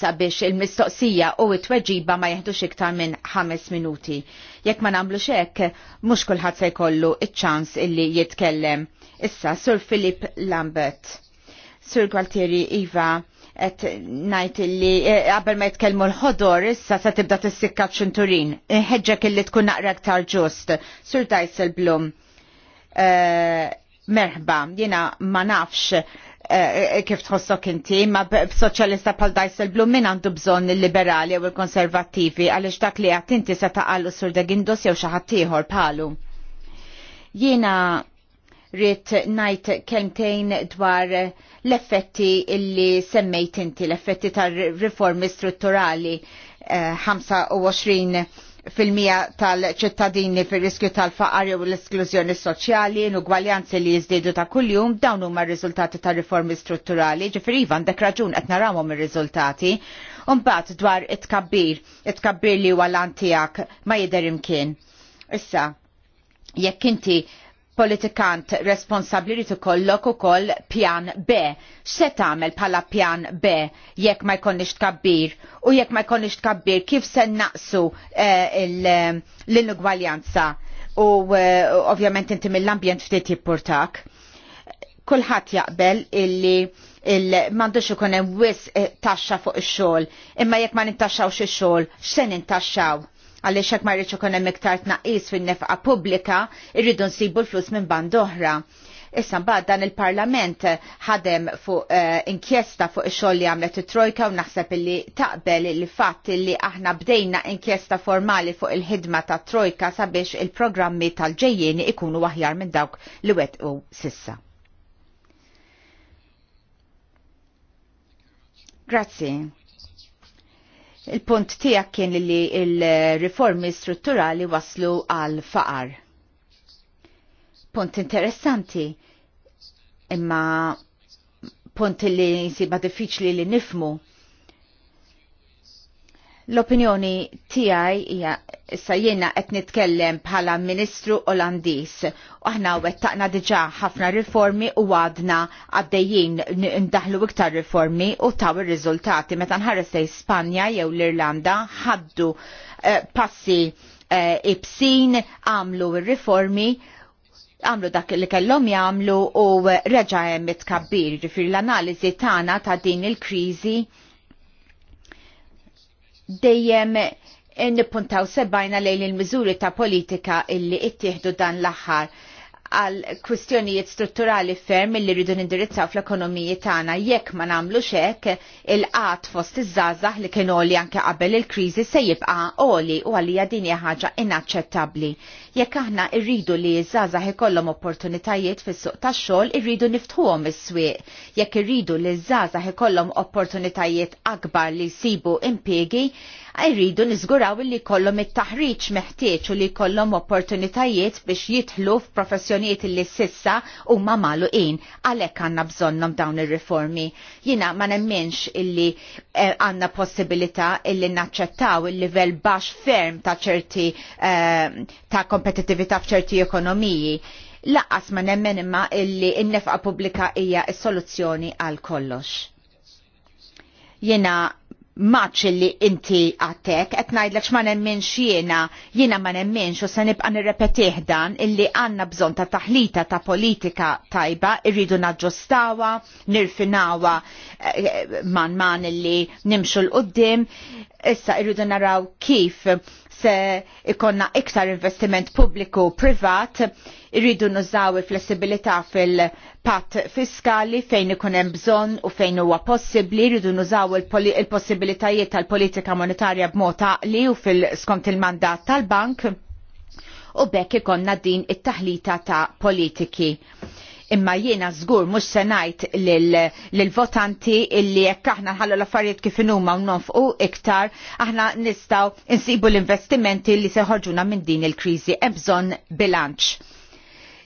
sabiex il-mistoqsija u it-tweġiba ma jeħdux iktar minn 5 minuti. Jekk ma namlu xek, mhux kulħadd se jkollu iċ-ċans illi jitkellem. Issa, Sur Filip Lambert. Sur Gualtieri Iva, et najt illi eh, qabel ma jitkellmu l-ħodor issa se tibda tissikka ċinturin. Ħeġġek illi tkun naqra ktar ġust. Sur Dijsselblum, eh, merħba, jiena ma nafx Eh, eh, kif tħossok inti, ma b'soċjalista pal Blum min għandu bżonn il-liberali u il konservattivi għaliex dak li għat inti se taqallu sur Degindos jew xi ħadd ieħor Jiena rrit najt kentejn dwar l-effetti illi semmejt inti, l-effetti tar riformi strutturali 25 eh, fil-mija tal-ċittadini fir riskju tal-faqar u l-esklużjoni soċjali, u gwaljanzi li jizdidu ta' kuljum, dawn huma r-riżultati ta' riformi strutturali, ġifieri Ivan għandek raġun qed narawhom ir-riżultati. Mbagħad dwar it-tkabbir, it-tkabbir li huwa l-antijak ma jidher imkien. Issa, jekk inti politikant responsabli li tikollok u koll pjan B. X'se tagħmel bħala pjan B jekk ma jkollniex tkabbir u jekk ma jkollniex tkabbir kif se naqsu eh, eh, l-inugwaljanza u eh, ovvjament inti mill-ambjent ftit jippurtak. Kulħadd jaqbel illi il-mandux ikun hemm wis taxxa fuq ix-xogħol, imma jekk ma nintaxxawx ix-xogħol, x'se nintaxxaw? għaliex hekk ma rridx ikun hemm iktar tnaqqis fin-nefqa pubblika, irridu nsibu l-flus minn band oħra. Issa mbagħad dan il-Parlament ħadem fuq uh, inkjesta fuq ix-xogħol li għamlet it-Trojka u naħseb li taqbel li fatt li aħna bdejna inkjesta formali fuq il-ħidma tat Trojka sabiex il-programmi tal-ġejjieni ikunu aħjar minn dawk li u sissa. Grazzi. Il-punt tiegħek kien li il-riformi strutturali waslu għal faqar. Punt interessanti, imma punt li jisiba diffiċli li nifmu L-opinjoni tiegħi hija issa jiena qed nitkellem bħala Ministru Olandiż u aħna wettaqna diġà ħafna riformi u għadna għaddejjin ndaħlu iktar riformi u taw ir-riżultati meta nħares Spanja jew l-Irlanda ħaddu eh, passi eh, ibsin għamlu r riformi għamlu dak li kellhom jagħmlu u eh, reġa' hemm it-tkabbir, l-analiżi tagħna ta' din il-kriżi dejjem nippuntaw sebajna lejn il-miżuri ta' politika illi ittieħdu dan l-aħħar għal kwistjonijiet strutturali ferm illi rridu nindirizzaw fl-ekonomiji tagħna jekk ma nagħmlu hekk il qat fost iż-żgħażagħ li kien oli anke qabel il-kriżi se jibqa' oli u għalija din hija ħaġa inaċċettabbli. Jekk aħna irridu li żgħażagħ ikollhom opportunitajiet fis-suq tax-xogħol, irridu niftħuhom is-swieq. Jekk irridu li żgħażagħ ikollhom opportunitajiet akbar li jsibu impiegi, irridu niżguraw li jkollhom it-taħriġ meħtieġ u li jkollhom opportunitajiet biex jidħlu f'professjonijiet li sissa huma magħluqin għalhekk għandna bżonnhom dawn ir-riformi. Jiena ma nemmenx illi eh, għandna eh, possibilità illi naċċettaw il-livell baxx ferm ta' ċerti eh, ta' ...kompetitività f'ċerti ekonomiji. Laqqas ma nemmen imma illi n-nefqa pubblika hija s-soluzzjoni għal kollox. Jena maċ li inti għattek, et najdlek ma nemmenx jena, jena ma nemmenx u se nibqa nirrepetih dan illi għanna bżon ta' taħlita ta' politika tajba, irridu naġġustawa, nirfinawa eh, man man illi nimxu l-qoddim, issa irridu naraw kif se ikonna iktar investiment pubbliku privat, irridu nużaw il-flessibilità fil-pat fiskali fejn ikun hemm bżonn u fejn huwa possibbli, irridu nużaw il-possibilitajiet tal-politika monetarja b'mod għaqli u fil-skont il-mandat tal-bank u bekk ikonna din it-taħlita ta' politiki imma jiena żgur mhux se ngħid lill-votanti illi jekk aħna nħallu l-affarijiet kif inhuma u nonfqu iktar aħna nistgħu insibu l-investimenti li se ħorġuna minn din il-kriżi ebżon bilanċ.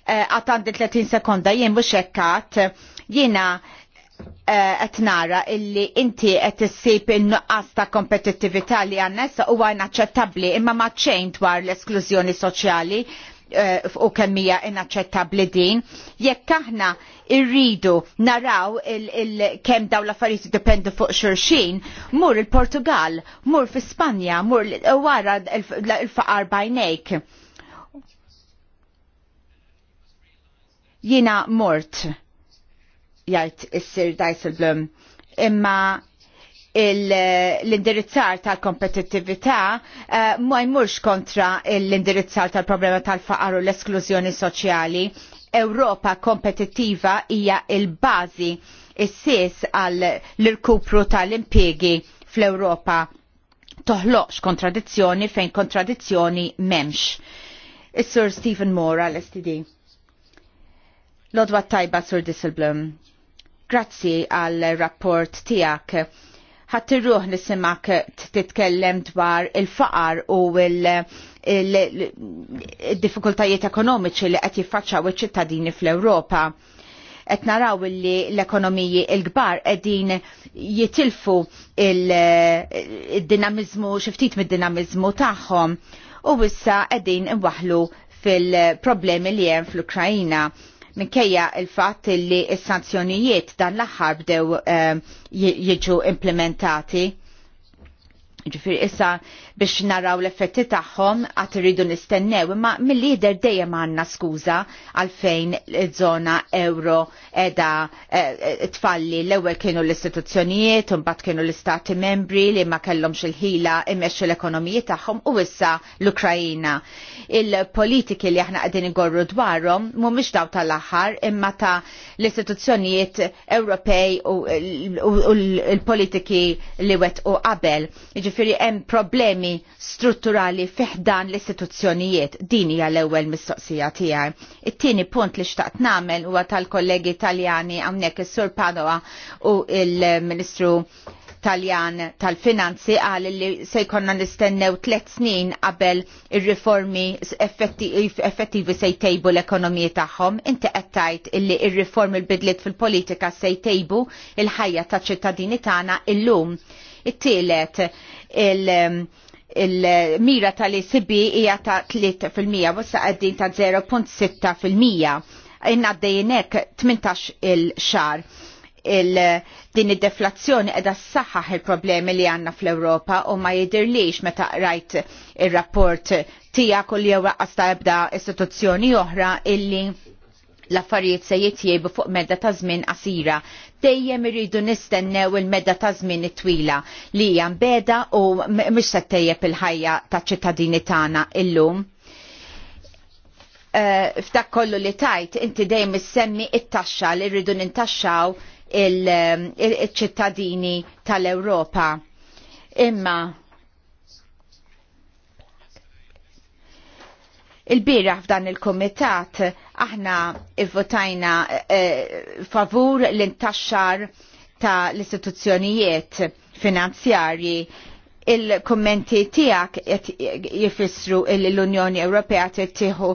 Eh, Għad għandi 30 sekonda jien mhux ekkat jiena eh, qed nara illi inti qed issib in-nuqqas ta' kompetittività li għannessa huwa inaċċettabbli imma ma' dwar l-esklużjoni soċjali Eh, u kemmija inaċċettabbli din, jekk aħna irridu naraw kemm daw l-affarijiet dipendu fuq xurxin, mur il-Portugal, mur fi Spanja, mur wara l faqar bajnejk. Jina mort, jgħid is-sir Dijsselblum, imma l-indirizzar tal-kompetittività uh, ma jmurx kontra l-indirizzar tal-problema tal-faqar u l-esklużjoni soċjali. Ewropa kompetittiva hija il-bażi is-sis għal l-irkupru tal impiegi fl-Ewropa toħloqx kontradizzjoni fejn kontradizzjoni memx. Is-Sur Stephen Moore għal-STD. Lodwa tajba Sur Disselblum. Grazzi għal rapport tijak irruħ nisimak titkellem dwar il-faqar u il-diffikultajiet ekonomiċi li qed jiffaċċaw iċ-ċittadini fl-Ewropa. Qed naraw li l-ekonomiji l-kbar qegħdin jitilfu il-dinamizmu xi ftit mid-dinamizmu tagħhom u issa qegħdin inwaħlu fil-problemi li hemm fl-Ukrajina minkejja il-fatt li s-sanzjonijiet dan l-aħħar bdew eh, jiġu implementati Ġifir issa biex naraw l-effetti tagħhom għat irridu nistennew imma mill-lider dejjem għandna skuża għalfejn żona euro edha eh, eh, tfalli l-ewwel kienu l-istituzzjonijiet u mbagħad kienu l-istati membri li ma kellhomx il-ħila immexxu l-ekonomiji tagħhom u issa l-Ukrajina. Il-politiki li aħna qegħdin igorru dwarhom mhumiex daw tal-aħħar imma ta' l-istituzzjonijiet Ewropej u l-politiki li wet u qabel ġifiri hemm problemi strutturali fiħdan l-istituzzjonijiet. Din hija l-ewwel mistoqsija tiegħi. It-tieni punt li xtaqt nagħmel huwa tal-kollegi Taljani hawnhekk is-Sur Padova u il-Ministru Taljan tal-Finanzi qal li se jkollna nistennew tliet snin qabel ir-riformi effettivi se jtejbu l-ekonomija tagħhom. Inti qed tgħid illi ir-riformi l-bidliet fil-politika se jtejbu il-ħajja taċ-ċittadini tagħna illum It-tielet il- um, il-mira tal-ECB hija ta' 3% wasa għaddin ta' 0.6%. Inna għaddejjinek 18 il-xar din id-deflazzjoni edha s-saħħaħ il-problemi li għanna fl-Europa u ma me meta rajt il-rapport tija u jewa għasta ta' ebda istituzzjoni oħra illi l-affarijiet se jitjiebu fuq medda ta' żmien qasira. Dejjem irridu nistennew il-medda ta' żmien it-twila li hija mbeda u mhux se tejjeb il-ħajja taċ ċittadini tagħna illum. Eh, f'dak kollu li tajt, inti dejjem issemmi it-taxxa li rridu nintaxxaw il-ċittadini tal-Ewropa. Imma Il-bira f'dan il-komitat aħna votajna eh, eh, favur l-intaxxar ta' l-istituzzjonijiet finanzjarji il-kommenti tijak jifissru l-Unjoni Ewropea tittieħu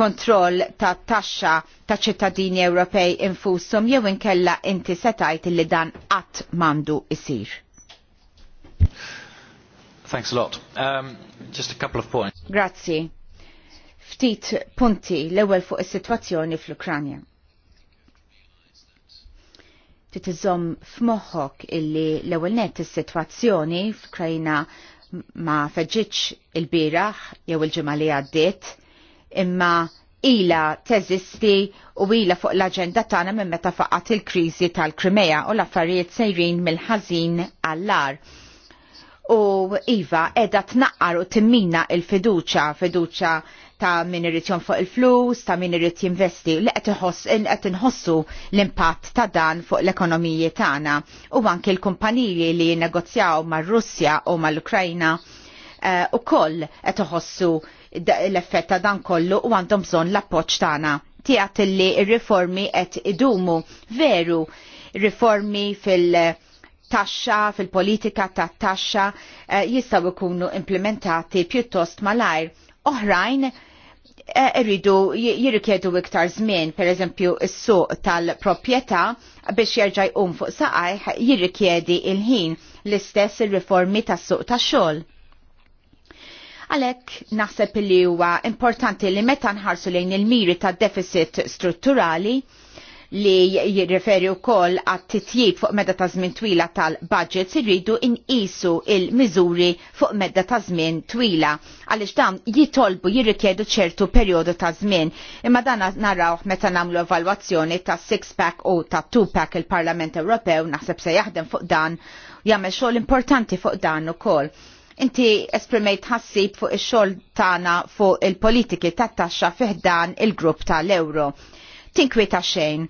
kontroll ta' taxxa ta' ċittadini Ewropej infushom jew inkella inti setajt li dan qatt mandu isir. Thanks a lot. Um, just a couple of points. Grazzi ftit punti l-ewwel fuq is-sitwazzjoni fl-Ukranja. Tit iżomm f'moħħok illi l-ewwel net is-sitwazzjoni f'Ukrajna ma feġġitx il-biraħ jew il-ġimgħa li għaddiet imma ila teżisti u ila fuq l-aġenda tagħna minn meta faqat il-kriżi tal-Krimea u l-affarijiet sejrin mill-ħażin għall-ar. U Iva edha tnaqqar u timmina il-fiduċa, fiduċa, fiduċa ta' min irid jonfoq il-flus, ta' min irid jinvesti, li qed inħossu l-impatt ta' dan fuq l-ekonomiji tagħna u anke l-kumpaniji li jinnegozjaw mar-Russja u mal-Ukrajna eh, u koll qed iħossu l-effett ta' dan kollu u għandhom bżonn l-appoġġ tagħna. Tiegħat li r-riformi qed idumu veru riformi fil- taxxa fil-politika ta' taxxa eh, jistaw ikunu implementati pjuttost malajr oħrajn eh, irridu jirrikjedu iktar żmien, per eżempju s-suq tal propieta biex jerġa' jqum fuq saqajħ jirrikjedi il-ħin l-istess il-riformi tas-suq tax-xogħol. Għalhekk naħseb li huwa importanti li meta nħarsu lejn il-miri tad-deficit strutturali, li jirreferi wkoll għat titjib fuq medda ta' żmien twila tal-budgets irridu inqisu il-miżuri fuq medda ta' żmien twila għaliex dan jitolbu jirrikjedu ċertu perjodu ta' żmien. Imma dan naraw meta nagħmlu evalwazzjoni ta' six pack u ta' two pack il-Parlament Ewropew naħseb se jaħdem fuq dan jagħmel xogħol importanti fuq dan ukoll inti esprimejt ħassib fuq ix-xogħol tagħna fuq il-politiki tat-taxxa fiħdan il-grupp tal-Euro tinkwita xejn.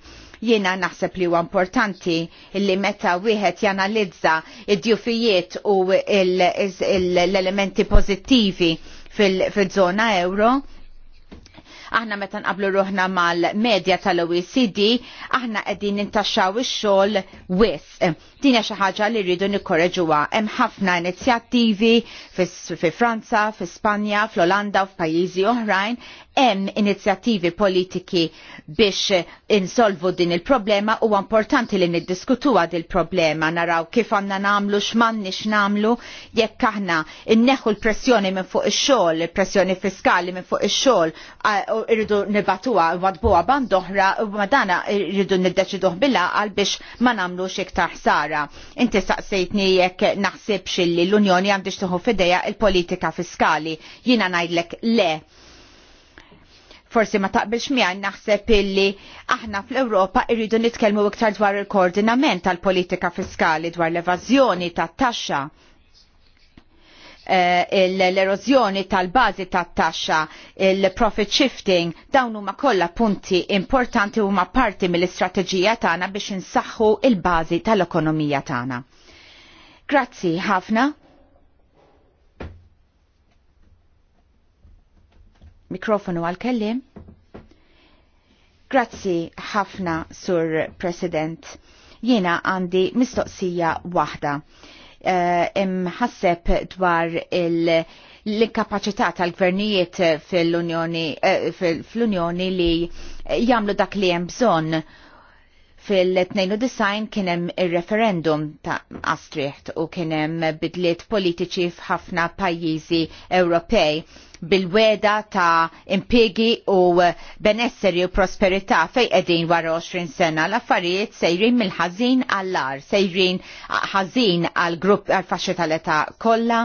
Jiena naħseb li huwa importanti li meta wieħed janalizza id-djufijiet u l-elementi pożittivi fil-żona euro, Aħna meta nqablu ruħna mal-medja tal-OECD, aħna qegħdin nintaxxaw ix-xogħol wis. Dinja xi ħaġa li rridu nikkoreġuha. Hemm ħafna inizjattivi fi Franza, fi Spanja, fl-Olanda u f'pajjiżi oħrajn hemm inizjattivi politiki biex insolvu din il-problema u importanti li niddiskutuha din il-problema naraw kif għandna nagħmlu x'għandniex nagħmlu jekk aħna inneħħu l-pressjoni minn fuq ix-xogħol, il-pressjoni fiskali minn fuq ix-xogħol irridu nibatuwa wadbuwa band oħra ma madana irridu niddeċiduh billa għal biex ma nagħmlux iktar ħsara. Inti saqsejtni jekk naħsibx li l-Unjoni għandix tieħu fideja il-politika fiskali. Jiena ngħidlek le forsi ma taqbilx għan naħseb illi aħna fl-Ewropa irridu nitkellmu iktar dwar il-koordinament tal-politika fiskali dwar l-evażjoni tat-taxxa Eh, l-erozjoni tal-bazi tat-taxxa, il-profit shifting, dawn huma kollha punti importanti huma parti mill-istrateġija tagħna biex insaħħu il-bażi tal-ekonomija tagħna. Grazzi ħafna. Mikrofonu għal-kellim. Grazzi ħafna, Sur President. Jiena għandi mistoqsija waħda Eh, imħasseb dwar il- l-inkapacità tal-gvernijiet fil-Unjoni eh, fil li jamlu dak li hemm bżonn Fil-92 kienem il-referendum ta' Maastricht u kienem bidliet politiċi f'ħafna pajjiżi Ewropej bil-weda ta' impiegi u benesseri u prosperità fej edin wara 20 sena l-affarijiet sejrin mill-ħazin għall-ar, sejrin ħazin għal-grupp għal-faxxa tal-età kollha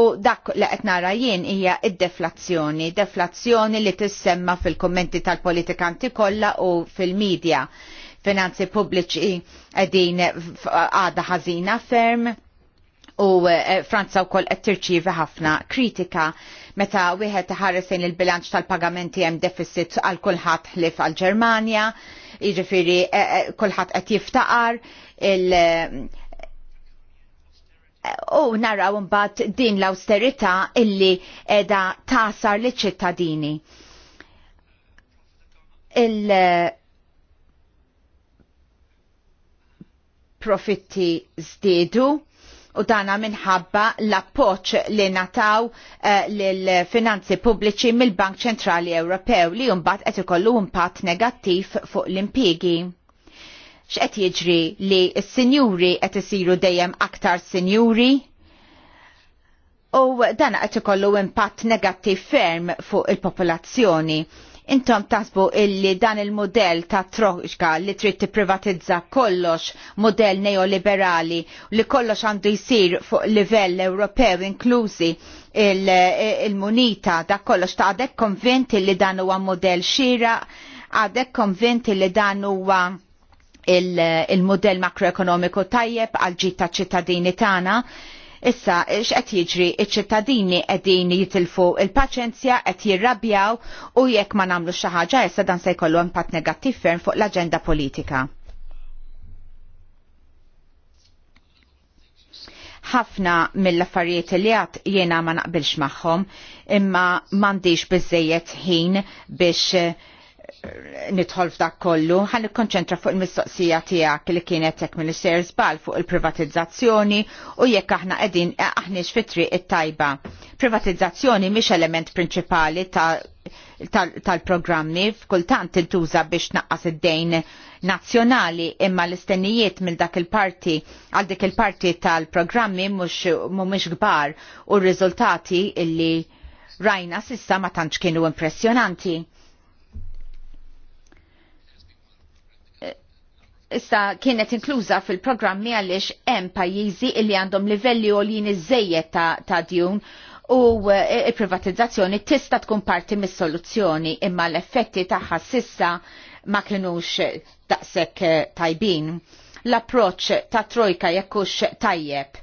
u dak li qed nara jien hija id-deflazzjoni, deflazzjoni li tissemma fil-kommenti tal-politikanti kollha u fil-medja finanzi pubbliċi din għada ħażina ferm u eh, Franza wkoll qed tirċievi ħafna kritika meta wieħed ħarresin il-bilanċ tal-pagamenti hemm deficit għal kulħadd ħlif għal Ġermanja, jiġifieri eh, eh, kulħadd qed jiftaqar il- u naraw mbagħad din l-austerità illi qiegħda tasar liċ ċittadini. profitti zdiedu u dana minħabba l-appoċ li nataw eh, l-finanzi pubbliċi mill-Bank Ċentrali Ewropew li jumbat qed ikollu impatt negattiv fuq l-impjiegi. X'qed jiġri li s-sinjuri qed isiru dejjem aktar sinjuri? U dana qed ikollu impatt negattiv ferm fuq il-popolazzjoni Intom tasbu illi dan il-modell ta' troxka li trid tipprivatizza kollox modell neoliberali li kollox għandu jsir fuq livell Ewropew inklużi il-munita il da' kollox ta' għadek konvinti li dan huwa modell xira, għadek konvinti li dan huwa il-modell il, makroekonomiku tajjeb għal ġit ta' ċittadini tagħna Issa x'qed jiġri iċ-ċittadini qegħdin jitilfu il-paċenzja qed jirrabjaw u jekk ma nagħmlu xi ħaġa issa dan se jkollu impatt negattiv ferm fuq l-aġenda politika. ħafna mill-affarijiet li għat jiena ma naqbilx magħhom imma m'għandix biżejjed ħin biex nidħol f'dak kollu, ħan nikkonċentra fuq il-mistoqsija tiegħek li kienet hekk Minister ser fuq il-privatizzazzjoni u jekk aħna qegħdin aħniex fitri it-tajba. Privatizzazzjoni mhix element prinċipali tal-programmi f'kultant tintuża biex naqqas id-dejn nazzjonali imma l-istennijiet mill dak il-parti għal dik il-parti tal-programmi mhumiex kbar u r-riżultati illi rajna sissa ma tantx kienu impressjonanti issa kienet inkluża fil-programmi għaliex hemm pajjiżi li għandhom livelli għolin żejjed ta', ta djun u e, e, il-privatizzazzjoni tista' tkun parti mis-soluzzjoni imma l-effetti tagħha sissa ma kienux daqshekk e, tajbin. L-approċċ ta' trojka jekkux tajjeb.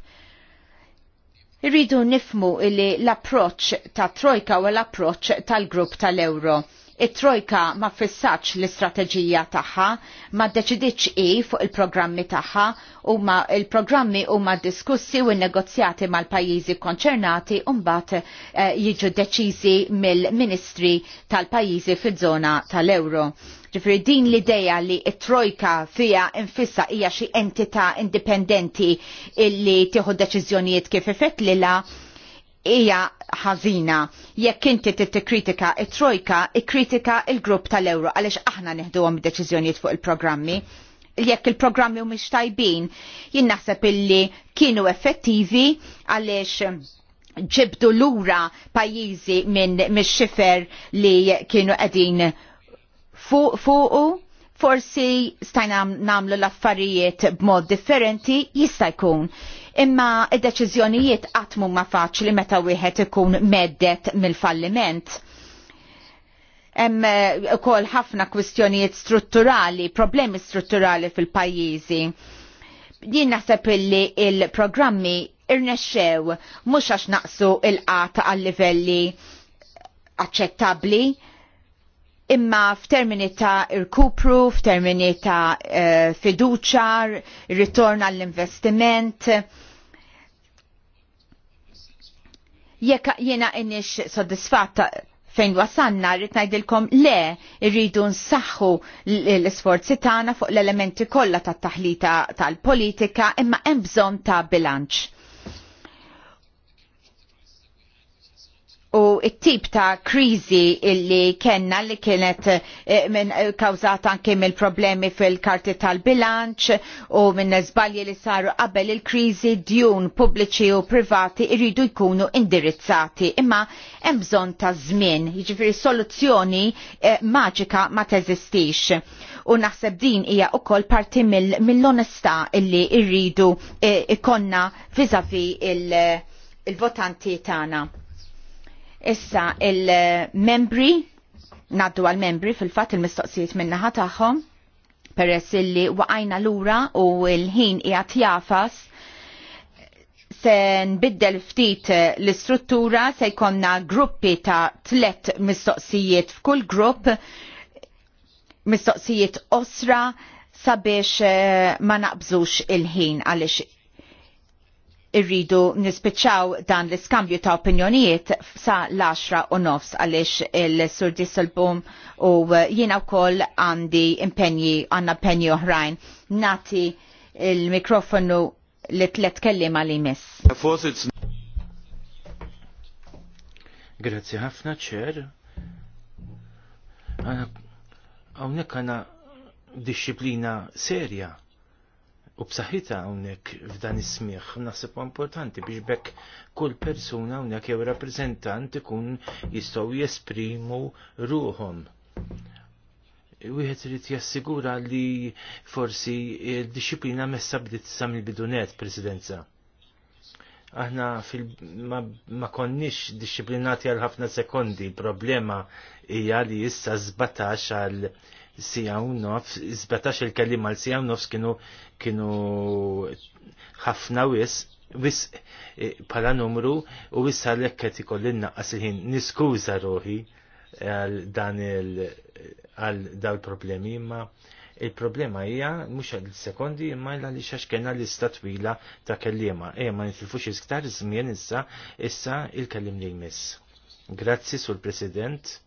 Irridu nifmu li l-approċċ ta' trojka u l-approċċ tal-grupp tal-euro it-trojka ma fissatx l-istrateġija tagħha, ma deċidiċ i fuq il-programmi tagħha u ma il-programmi u ma diskussi u negozjati mal-pajjiżi konċernati u mbagħad eh, jiġu deċiżi mill-Ministri tal-pajjiżi fiż-żona tal-Euro. Ġifri din l-ideja li it-trojka fija infissa hija xi entità indipendenti illi tieħu deċiżjonijiet kif li lilha hija ħażina. Jekk inti titkritika it-trojka, ikkritika il-grupp tal-Ewro għaliex aħna neħduhom deċiżjonijiet fuq il-programmi. Jekk il-programmi mhumiex tajbin, jien naħseb illi kienu effettivi għaliex ġibdu lura pajjiżi minn mix-xifer li kienu qegħdin fuq, Fu forsi stajna namlu l-affarijiet b'mod differenti jista' jkun. Imma id-deċiżjonijiet qatt ma faċli meta wieħed ikun meddet mill-falliment. Hemm eh, ukoll ħafna kwistjonijiet strutturali, problemi strutturali fil-pajjiżi. Jien naħseb illi il-programmi irnexxew mhux għax naqsu il-qata għal livelli aċċettabbli, imma f'termini ta' irkupru, f'termini ta' uh, fiduċa, ritorn għall-investiment. Jekk jiena inix soddisfatta fejn wasanna rrit ngħidilkom le irridu nsaħħu l-isforzi tagħna fuq l-elementi kollha tat-taħlita tal-politika imma hemm bżonn ta' bilanċ. u it-tip ta' krizi illi kenna li kienet eh, minn eh, kawzata anke mill problemi fil-karti tal-bilanċ u minn zbalji li saru qabel il-krizi djun pubbliċi u privati irridu jkunu indirizzati imma hemm bżonn ta' żmien, jiġifieri soluzzjoni eh, maġika ma teżistix. U naħseb din hija ukoll parti mill-onestà illi irridu ikonna vizavi il-votanti tagħna Issa il-membri, naddu għal-membri fil-fat il-mistoqsijiet minnaħa taħħom, peress illi waqajna l-ura u l-ħin qiegħed jafas se nbiddel ftit l-istruttura se jkollna gruppi ta' tlet mistoqsijiet f'kull grupp mistoqsijiet osra sabiex eh, ma naqbżux il-ħin għaliex irridu nispiċċaw dan l-iskambju ta' opinjonijiet sa' l-10 u nofs għalix il-Sur Disselbum u jiena u koll għandi impenji, għanna impenji oħrajn. Nati il-mikrofonu li tlet kellim għal miss. Grazzi ħafna ċer. Għawnek għana disċiplina serja u b'saħħitha hawnhekk f'dan is-smieħ naħseb importanti biex bekk kull persuna hawnhekk jew rappreżentant ikun jistgħu jesprimu ruhom. Wieħed irid jassigura li forsi d-disciplina messa bdiet sa mill-bidunet presidenza. Aħna fil ma, ma konniex disciplinati għal ħafna sekondi, problema hija li issa żbatax għal Sijaw nofs, izbetax il-kellim għal sija nofs kienu kienu ħafna wis, wis e, pala numru u wis għalek kati ikolli għasihin niskuza roħi Niskuża għal dan il għal dal il-problemi imma il-problema hija mhux għal-sekondi imma l li xax kena l twila ta' kellima. E ma nitilfux iżktar żmien issa issa il-kellim li jmiss. Grazzi sul President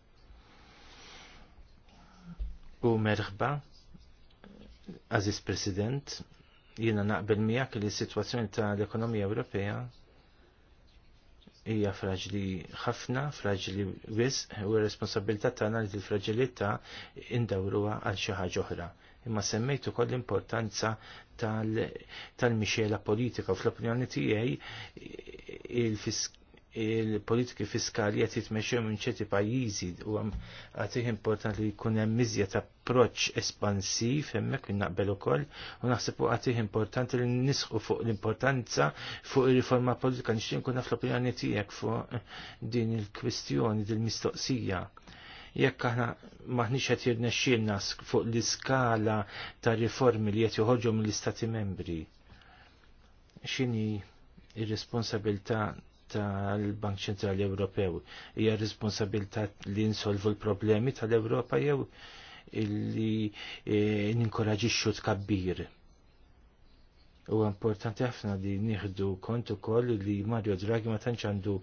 u merħba, Aziz President, jina naqbel miegħek li s-sitwazzjoni tal-ekonomija Ewropea hija fraġli ħafna, fraġli wis, u r-responsabilità tagħna li l-fraġilità indawruha għal xi ħaġa oħra. Imma semmejtu ukoll l-importanza tal mixela politika u fl-opinjoni tiegħi il-fisk il-politiki fiskali qed jitmexxew minn ċerti pajjiżi u għati importanti li jkun hemm miżjed approċċ espansiv hemmhekk minn naqbel ukoll u naħseb u għatih importanti li nisħu fuq l-importanza fuq ir-riforma politika nixtieq nkun naf l-opinjoni tiegħek fuq eh, din il-kwistjoni din mistoqsija jekk aħna maħniċ qed jirnexxielna fuq l-iskala ta' riformi li qed joħorġu mill-Istati Membri. X'inhi ir-responsabilità tal-Bank Ċentrali Ewropew. Hija responsabilità li nsolvu l-problemi tal-Ewropa jew li e, ninkoraġixxu tkabbir. U importanti ħafna li nieħdu kont ukoll li Mario Draghi ma tantx għandu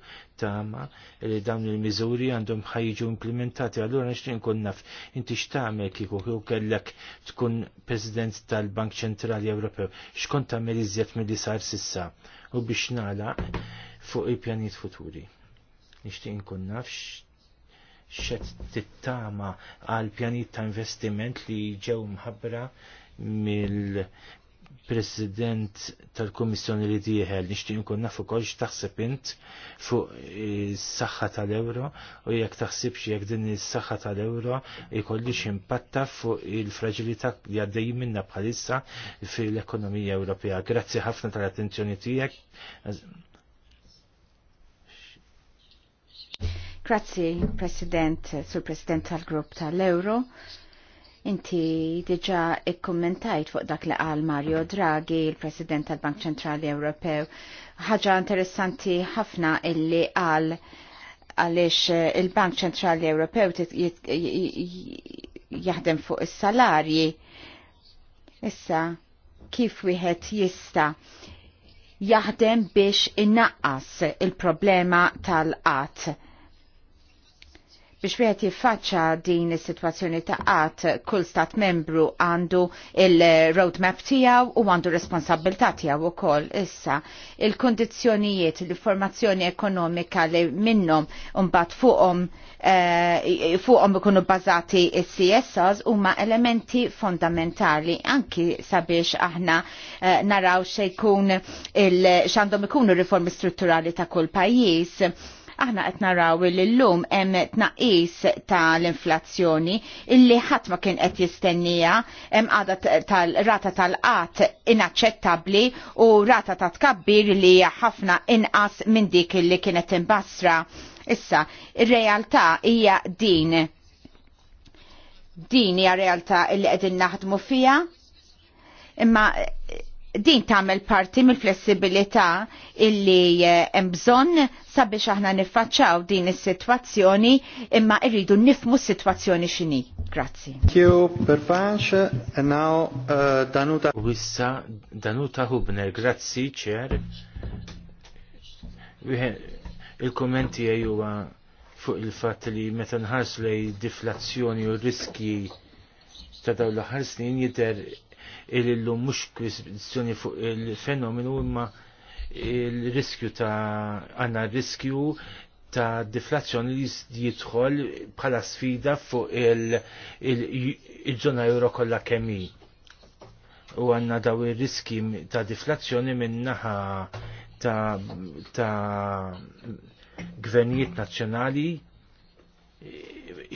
tama li dawn il-miżuri għandhom ħajġu implementati. Allura nixtieq nkun naf inti x'tagħmel kieku kieku kellek tkun President tal-Bank Ċentrali Ewropew. X'kont tagħmel iżjed milli sar sissa. U biex nagħlaq fuq il-pjanijiet futuri. Nixtieq inkun nafx xed tittama għal pjanijiet ta' investiment li ġew mħabbra mill President tal-Komissjoni li dieħel nixtieq inkun naf ukoll x'taħseb int fuq is-saħħa tal-ewro u jekk taħsibx jekk din is-saħħa tal-ewro jkollix impatta fuq il-fraġilità li għaddej minna bħalissa fil-ekonomija Ewropea. Grazzi ħafna tal-attenzjoni tiegħek Grazzi, President, Sur President tal-Grupp tal-Euro. Inti diġa ikkommentajt fuq dak li qal Mario Draghi, il-President tal-Bank Ċentrali Ewropew. Ħaġa interessanti ħafna illi qal għaliex il-Bank Ċentrali Ewropew jaħdem fuq is-salarji. Issa, kif wieħed jista' jaħdem biex innaqqas il-problema tal-qatt biex wieħed jiffaċċa din is-sitwazzjoni ta' qatt kull stat membru għandu il-roadmap tiegħu u għandu responsabilità tiegħu wkoll issa il-kondizzjonijiet l-informazzjoni ekonomika li minnhom mbagħad fuqhom eh, fuqhom ikunu bbażati s csos huma elementi fondamentali anki sabiex aħna eh, naraw xejkun il x'għandhom ikunu riformi strutturali ta' kull pajjiż aħna qed naraw li llum hemm tnaqqis ta' l-inflazzjoni illi ħadd ma kien qed jistennija hemm għada tal-rata tal-qat inaċċettabbli u rata ta' tkabbir li hija ħafna inqas minn dik illi kienet imbasra. Issa, ir-realtà hija din. Din hija realtà illi qegħdin naħdmu fiha imma din tagħmel parti mill-flessibilità illi eh, hemm bżonn sabiex aħna niffaċċaw din is-sitwazzjoni imma rridu nifmu s-sitwazzjoni x'inhi. Grazzi. Thank you Pervanche and now uh, Danuta Wissa Danuta Hubner, grazzi ċer. Il-kommenti huwa fuq il fat li meta nħarsu deflazzjoni u riski ta' dawn l-aħħar snin jidher il-lum mux kwistjoni fuq il-fenomenu imma il-riskju ta' għanna riskju ta' deflazzjoni li jidħol bħala sfida fuq il-ġona euro kollha kemmi. U għanna daw ir-riski ta' deflazzjoni minnaħa ta' ta' gvernijiet nazzjonali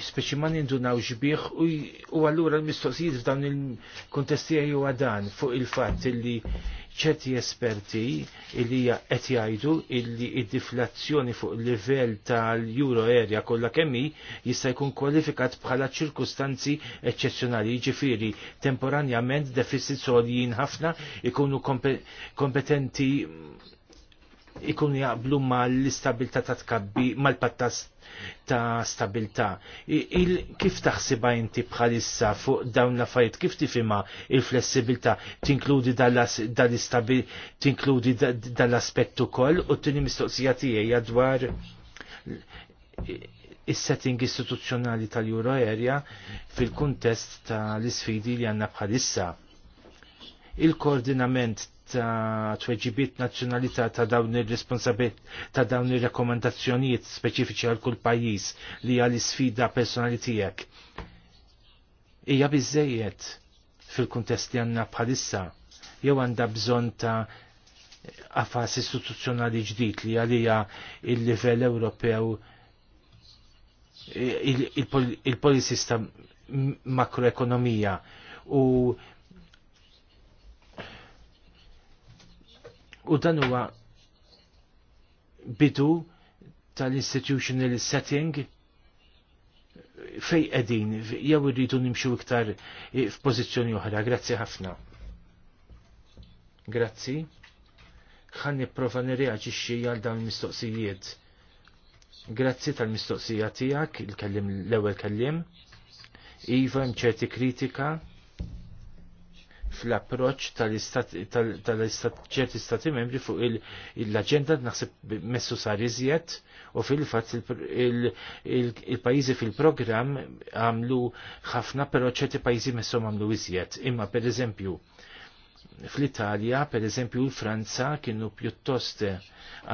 speċi ma nindunaw xbieħ u għallura l-mistoqsijiet f'dawn il kontesti u għadan fuq il-fat li ċerti esperti li qed jgħidu li id-diflazzjoni fuq il-livell tal-euro area kollha kemmi jista' jkun kwalifikat bħala ċirkustanzi eċċezzjonali, jiġifieri temporanjament deficit soljin ħafna ikunu kompetenti ikunu jaqblu ma l-istabilta ta' tkabbi, ma l-pattas ta' stabilta. Il kif taħsiba inti bħalissa fuq dawn la fajt, kif tifima il-flessibilta tinkludi dal-istabil, tinkludi dal-aspettu kol u t-tini mistoqsija tijaj dwar is-setting istituzzjonali tal-Euro area fil-kuntest ta' l-isfidi li għanna bħalissa il-koordinament ta' tweġibiet nazzjonalità ta' dawn ir-responsabilit ta' dawn ir-rekomendazzjonijiet speċifiċi għal kull pajjiż li għal sfida personali tiegħek. Hija biżejjed fil-kuntest li għandna bħalissa jew għandha bżonn ta' affas istituzzjonali ġdid li għalija il-livell Ewropew il-policies il il ta' makroekonomija u U dan huwa bidu tal-institutional setting fej qegħdin jew irridu nimxu iktar f'pożizzjoni oħra. Grazzi ħafna. Grazzi. Ħan nipprova nirreaġixxi għal dawn il-mistoqsijiet. Grazzi tal-mistoqsija tiegħek, il-kellim l-ewwel kellim. Iva mċerti kritika fl-approċ tal-istat ċerti stati membri fuq l-agenda naħseb messu sar iżjed u fil-fatt il-pajizi fil-programm għamlu ħafna però ċerti pajizi messu għamlu iżjed. Imma per eżempju fl-Italja, per eżempju l-Franza kienu pjuttost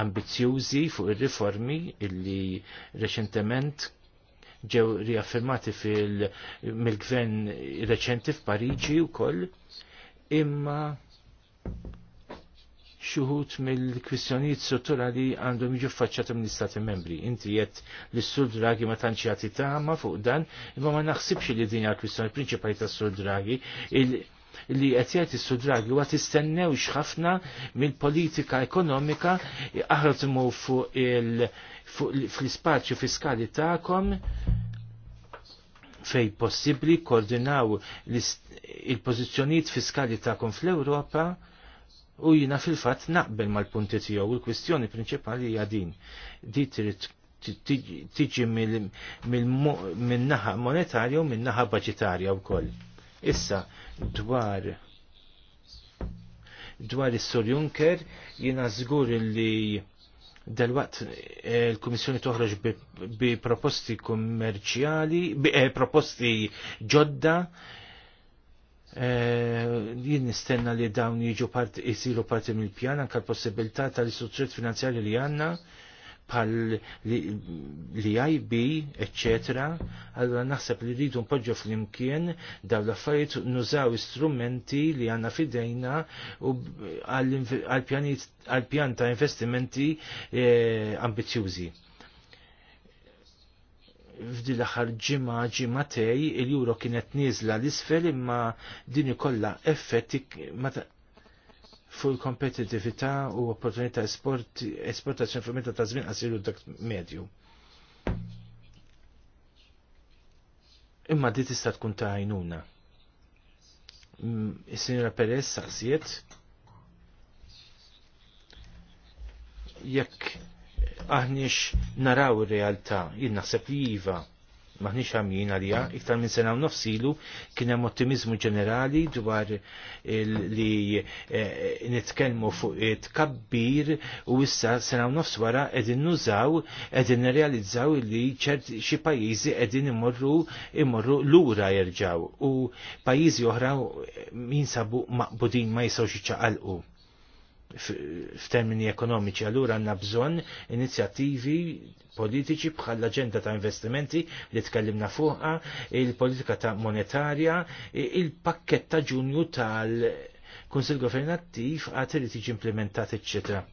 ambizjużi fuq ir-riformi illi reċentement ġew riaffirmati fil-gvern reċenti f'Pariġi u koll imma xuħut mill-kwistjonijiet strutturali għandhom jiġu faċċatum l istati membri. Inti jett l-Sur dragi ma tantx jagħti ma fuq dan, imma ma naħsibx li din hija kwistjoni prinċipali tas-Sur Draghi li qed jagħti Sur Draghi wa tistennewx ħafna mill-politika ekonomika aħra timmu fuq l-ispazju fiskali tagħkom fej possibli koordinaw il-pozizjoniet fiskali ta'kom fl-Europa u jina fil-fat naqbel mal-punti tiegħu. Il-kwistjoni prinċipali hija din. Di tiġi mill-naħa monetarja u mill-naħa budgetarja wkoll. Issa dwar dwar is-Sur Juncker jina żgur li Delwaqt il-Kummissjoni toħroġ bi proposti kummerċjali, bi eh, proposti ġodda eh, jien nistenna li dawn jiġu part jisiru parti mill-pjan anke l-possibilità tal-istruzzjoni finanzjali li għandna bħal li IB, etc. Allora naħseb li rridu npoġġo fl-imkien daw l-affarijiet nużaw istrumenti li għanna fidejna għal-pjan ta' investimenti e, ambizjużi f'di l-aħħar ġimgħa ġimgħatej il-juro kienet nieżla l-isfel imma din ikollha effetti Full kompetitività u opportunità esport, esportazzjoni fil ta' żmien qasir dak medju. Imma di tista' tkun ta' għajnuna. Mm, Is-Sinjora Perez saqsiet jekk aħniex naraw ir-realtà, jien naħseb li iva maħni xamjien għalija, iktar minn sena u nofsilu kien hemm ottimizmu ġenerali dwar li eh, nitkellmu fuq it-kabbir u issa sena u nofs wara qegħdin nużaw, qegħdin nirrealizzaw li ċert xi pajjiżi qegħdin imorru imorru lura jerġaw u pajjiżi oħra min sabu maqbudin ma jistgħux jiċċaqalqu f'termini ekonomiċi, allura għanna bżon inizjattivi politiċi bħal l-agenda ta' investimenti li tkellimna fuqha, il-politika ta' monetarja, il pakketta ta' ġunju tal-Kunsil Governattiv għad irid tiġi implementat, eċċetera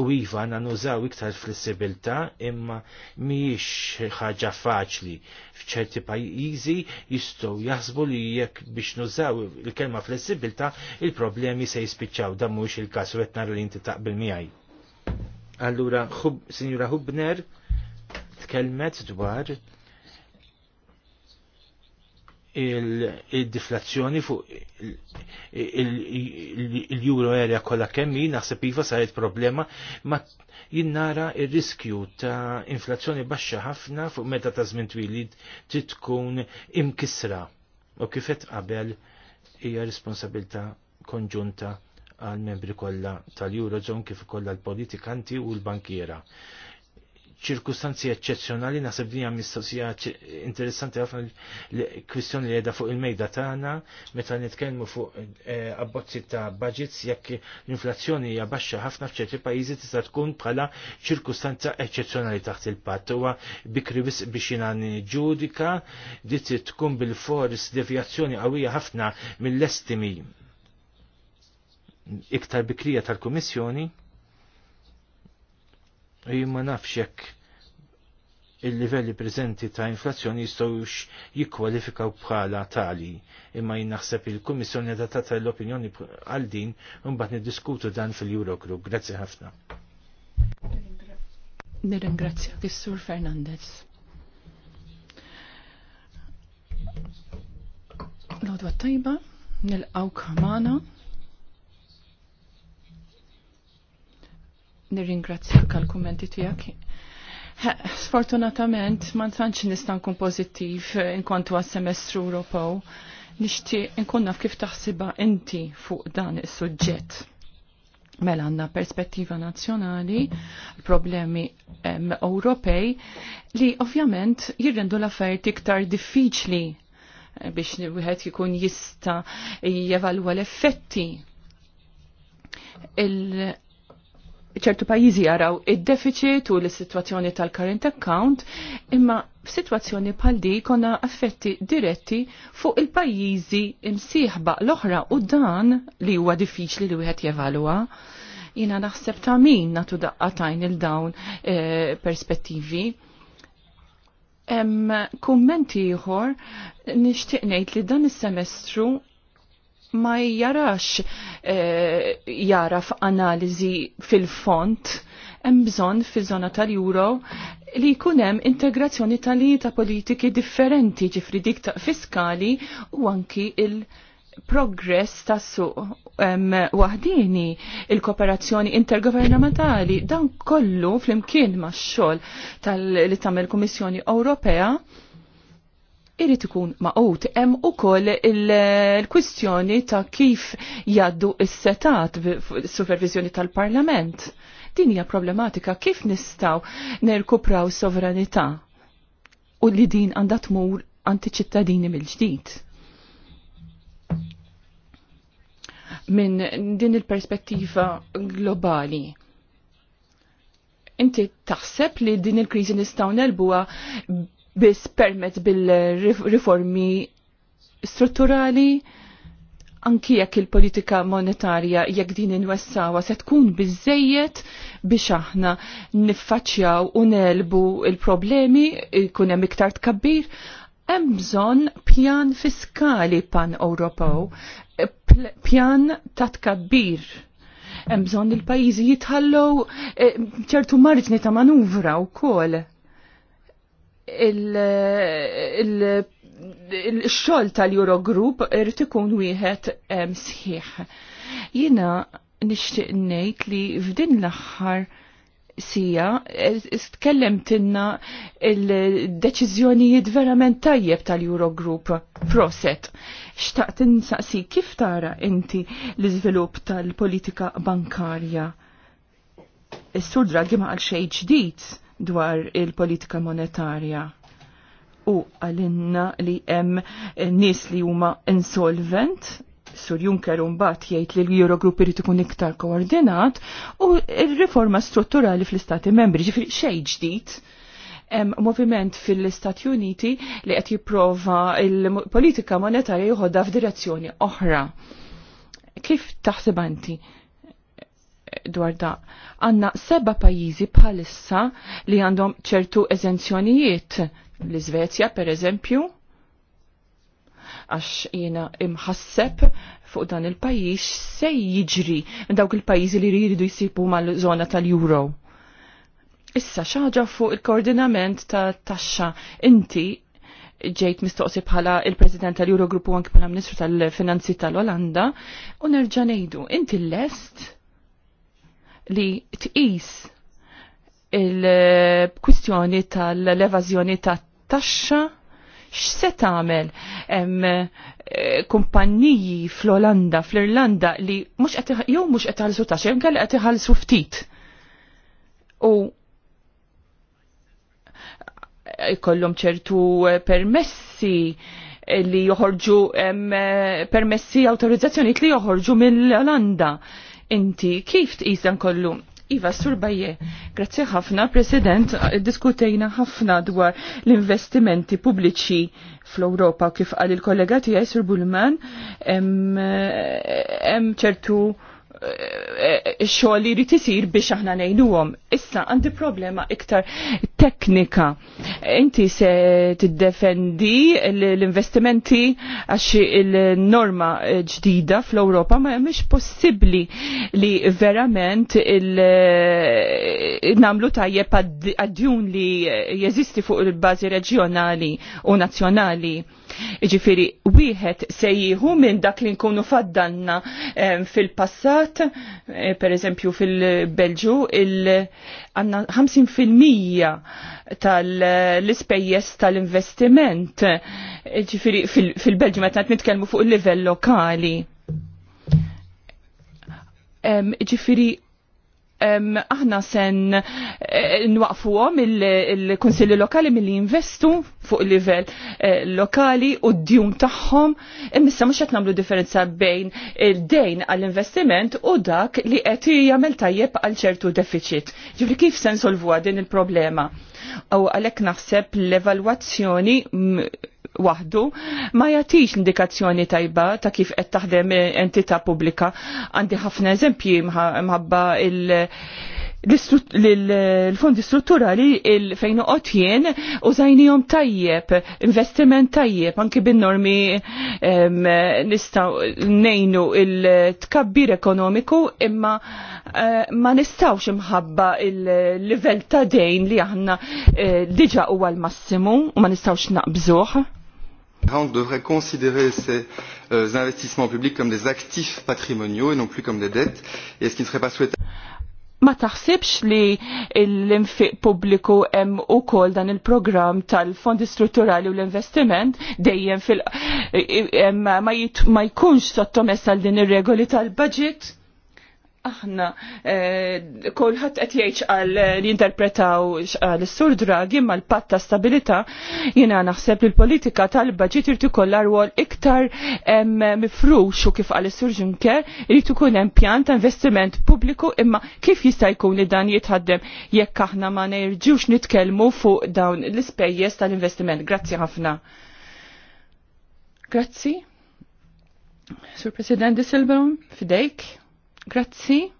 u iva għanna nużaw iktar flessibilta imma miex ħaġa faċli fċerti pajjiżi jistgħu jaħsbu li jekk biex nużaw il-kelma flessibilta il-problemi se jispiċċaw da mhux il-każ u qed nara li inti taqbil miegħi. Allura, Sinjura Hubner tkellmet dwar il-deflazzjoni fuq il-euro area kolla kemmi, naħseb iva saret problema, ma jinnara il-riskju ta' inflazzjoni baxxa ħafna fuq meta ta' żmien twili titkun tkun imkisra. U kifet qabel hija responsabilità konġunta għal membri kollha tal-Eurozone kif ukoll l-politikanti u l-bankiera ċirkustanzi eccezzjonali nasib dinja mistoqsija interessanti ħafna l-kwistjoni li għedha fuq il-mejda tagħna meta nitkellmu fuq eh, abbozzi ta' budgets jekk l-inflazzjoni hija baxxa ħafna f'ċerti pajjiżi tista' tkun bħala ċirkustanza eccezzjonali taħt il-patt huwa bikri biex jiena ġudika di tkun bil-fors devjazzjoni qawwija ħafna mill-estimi iktar bikrija tal-Kummissjoni ma nafx jekk il-livelli prezenti ta' inflazzjoni jistgħux jikkwalifikaw bħala tali. Imma jinaħseb il-Kummissjoni ta' tata l-opinjoni għal din mbagħad niddiskutu dan fil-Eurogroup. Grazzi ħafna. Nirringrazzja Kissur sur Fernandez. Lodwa tajba, nilqaw kamana. nirringrazzjak għal kummenti tijak. Sfortunatament, ma tantx nista' nkun pożittiv inkontu għas-semestru Ewropew. Nixtieq inkun naf kif taħsiba inti fuq dan is-suġġett. Mela għandna perspettiva nazzjonali, problemi Ewropej li ovvjament jirrendu l-affarijiet iktar diffiċli eh, biex wieħed jikun jista jevalwa l-effetti ċertu pajjiżi jaraw id-deficit u l-sitwazzjoni tal-current account, imma f'sitwazzjoni pal di konna affetti diretti fuq il-pajjiżi imsiħba l-oħra u dan li huwa diffiċli li wieħed jevalwa. Jina naħseb ta' min natu daqqatajn il-dawn e, perspettivi. Em, kummenti ieħor nixtieq ngħid li dan is-semestru ma jarax eh, jara f'analiżi fil-font hemm bżonn fiż-żona tal-Euro li jkun hemm integrazzjoni tal ta' politiki differenti ġifri dik ta' fiskali u anki il- progress ta' suq wahdini, il-kooperazzjoni intergovernamentali, dan kollu fl-imkien ma' xol tal-li tamel Komissjoni Ewropea irrit ikun maqut hemm ukoll il-kwistjoni ta' kif jaddu is-setat supervizjoni tal-Parlament. Din hija problematika kif nistgħu nerkupraw sovranità u li din għandha tmur anti ċittadini mill-ġdid. Minn din il-perspettiva globali inti taħseb li din il-krizi nistaw nelbuha biss permezz bil-riformi strutturali anki jekk il-politika monetarja jekk din inwessawa se tkun biżejjed biex aħna niffaċċjaw u nelbu il-problemi jkun hemm iktar tkabbir, hemm bżonn pjan fiskali pan Ewropew, pjan ta' tkabbir. Hemm bżonn il-pajjiżi jitħallew eh, ċertu marġni ta' manuvra wkoll il-xol tal-Eurogroup irrit ikun wieħed sħiħ. Jina nixtieq ngħid li f'din l-aħħar sija eh, tkellemtinna il-deċiżjonijiet verament tajjeb tal-Eurogroup proset. Xtaqt insaqsi kif tara inti l-iżvilupp tal-politika bankarja? Is-sur draghi ma għal xejn ġdid dwar il-politika monetarja u għalinna li hemm nies li huma insolvent Sur Juncker mbagħad jgħid li l-Eurogrupp irid ikun iktar koordinat u r-riforma strutturali fl-Istati Membri ġifieri xejn ġdid hemm moviment fil-Istati Uniti li qed jipprova l-politika monetarja jħodha f'direzzjoni oħra. Kif taħseb anti dwar da. Għanna seba pajizi bħalissa li għandhom ċertu eżenzjonijiet. L-Izvezja, per eżempju, għax jena imħasseb fuq dan il-pajis se jiġri dawk il-pajizi li jridu jisibu mal-zona tal-Euro. Issa xaġa fuq il-koordinament ta' taxxa inti ġejt mistoqsi bħala il-President tal eurogruppu u anki bħala Ministru tal-Finanzi tal-Olanda u nerġa' ngħidu inti lest li tqis il-kwistjoni tal-evażjoni ta' taxxa x'se tagħmel hemm eh, kumpanniji fl-Olanda, fl-Irlanda li mhux qed jew mhux qed iħallsu taxxa, hemm qed iħallsu ftit. U jkollhom ċertu eh, permessi li joħorġu eh, permessi awtorizzazzjonijiet li joħorġu mill-Olanda. Inti kif tqisan kollu? Iva Surbaje, grazzi ħafna, President, diskutejna ħafna dwar l-investimenti pubbliċi fl-Europa, kif għal il-kollega tijaj Sur Bulman, hemm ċertu Eh, xogħol li jrid isir biex aħna ngħinuhom. Issa għandi problema iktar teknika. Inti se tiddefendi l-investimenti għax il-norma ġdida fl-Ewropa ma mhix possibbli li verament namlu tajjeb għad-djun li jeżisti fuq il-bażi reġjonali u nazzjonali Iġifiri, wieħed se jieħu minn dak li nkunu faddanna fil-passat, eh, per eżempju fil-Belġu, għanna 50% tal-ispejjes tal-investiment. Iġifiri, fil-Belġu, meta nitkellmu fuq il-livell lokali ġifiri aħna sen għom eh, il-Kunsilli Lokali milli investu fuq il-livell eh, lokali u d-djum tagħhom imissa mhux qed nagħmlu differenza bejn il-dejn għall-investiment u dak li qed jagħmel tajjeb għal ċertu deficit. Ġifri kif se nsolvuha din il-problema? U għalhekk naħseb l-evalwazzjoni waħdu ma jagħtix indikazzjoni tajba ta' kif qed taħdem entità pubblika. Għandi ħafna eżempji mħabba l-fondi strutturali fejn uqgħod jien użajnihom tajjeb, investiment tajjeb, anki bin-normi nistgħu ngħinu il-tkabbir ekonomiku imma e, ma nistgħux imħabba il-livell ta' dejn li aħna e, diġa huwa l-massimu u ma nistgħux naqbżuh On devrait considérer ces euh, investissements publics comme des actifs patrimoniaux et non plus comme des dettes. Et est-ce qui ne serait pas souhaitable ma taħsibx li l-infiq publiku hemm ukoll dan il-programm tal-fondi strutturali u l-investiment dejjem fil eh, eh, ma jkunx sottomessa għal din ir-regoli tal-budget? aħna eh, kolħat qed jgħid għal jinterpretaw l-sur Draghi mal l-patt ta' stabilità jiena naħseb li l-politika tal-baġit irid ikollha rwol iktar mifrux u kif qal is-sur Juncker irid ikun hemm pjan ta' investiment pubbliku imma kif jista' jkun li dan jitħaddem jekk aħna ma nerġiwx nitkellmu fuq dawn l-ispejjeż tal-investiment. Grazzi ħafna. Grazzi. Sur President Disselbaum, fidejk. Grazzi.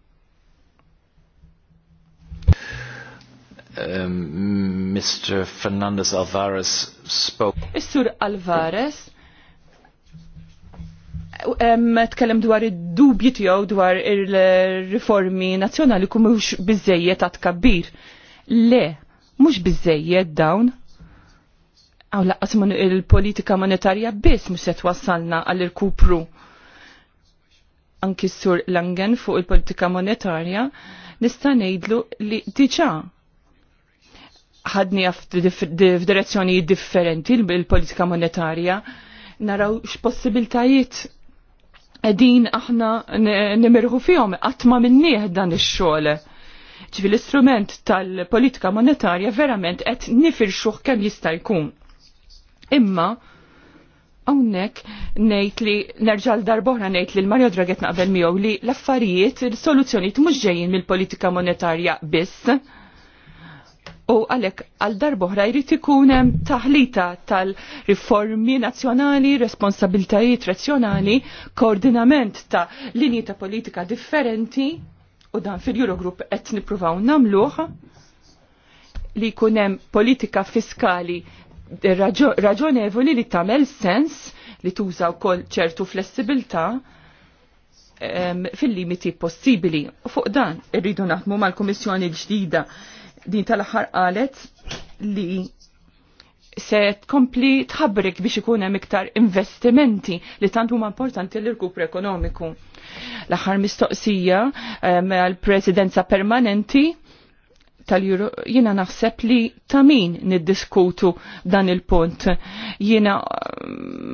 Um, Mr. Fernandez Alvarez spoke. Is-Sur Alvarez tkellem dwar id-dubji tiegħu dwar ir riformi nazzjonali kum mhux biżejjed ta' tkabbir. Le, mhux biżejjed dawn. Aw laqas il-politika monetarja biss mhux se twassalna għall irkupru anki sur Langen fuq il-politika monetarja, nista' ngħidlu li diġà ħadni f'direzzjoni differenti il-politika monetarja, naraw x'possibiltajiet qegħdin aħna nimirħu fihom qatt ma minnieh dan ix-xogħol. Ġifi l-istrument tal-politika monetarja verament qed nifirxuh kemm jista' jkun. Imma Hawnhekk ngħid li nerġal darbora ngħid li l-Mario Draghet naqbel miegħu li l-affarijiet, il-soluzzjonijiet mhux ġejjin mill-politika monetarja biss. U għalek għal darboħra jrid ikun hemm taħlita tal-riformi nazzjonali, responsabiltajiet razzjonali, koordinament ta' linji ta' politika differenti u dan fil-Eurogroup qed nippruvaw nagħmluh li jkun hemm politika fiskali raġonevoli li tamel sens li tuża wkoll ċertu flessibilità fil-limiti possibili. Fuq dan irridu naħdmu mal-Kummissjoni l-ġdida din tal-aħħar qalet li se tkompli tħabrik biex ikun hemm iktar investimenti li tant huma importanti l rkupru ekonomiku. L-aħħar mistoqsija l presidenza permanenti tal-Euro, jina naħseb li tamin niddiskutu dan il-punt. Jina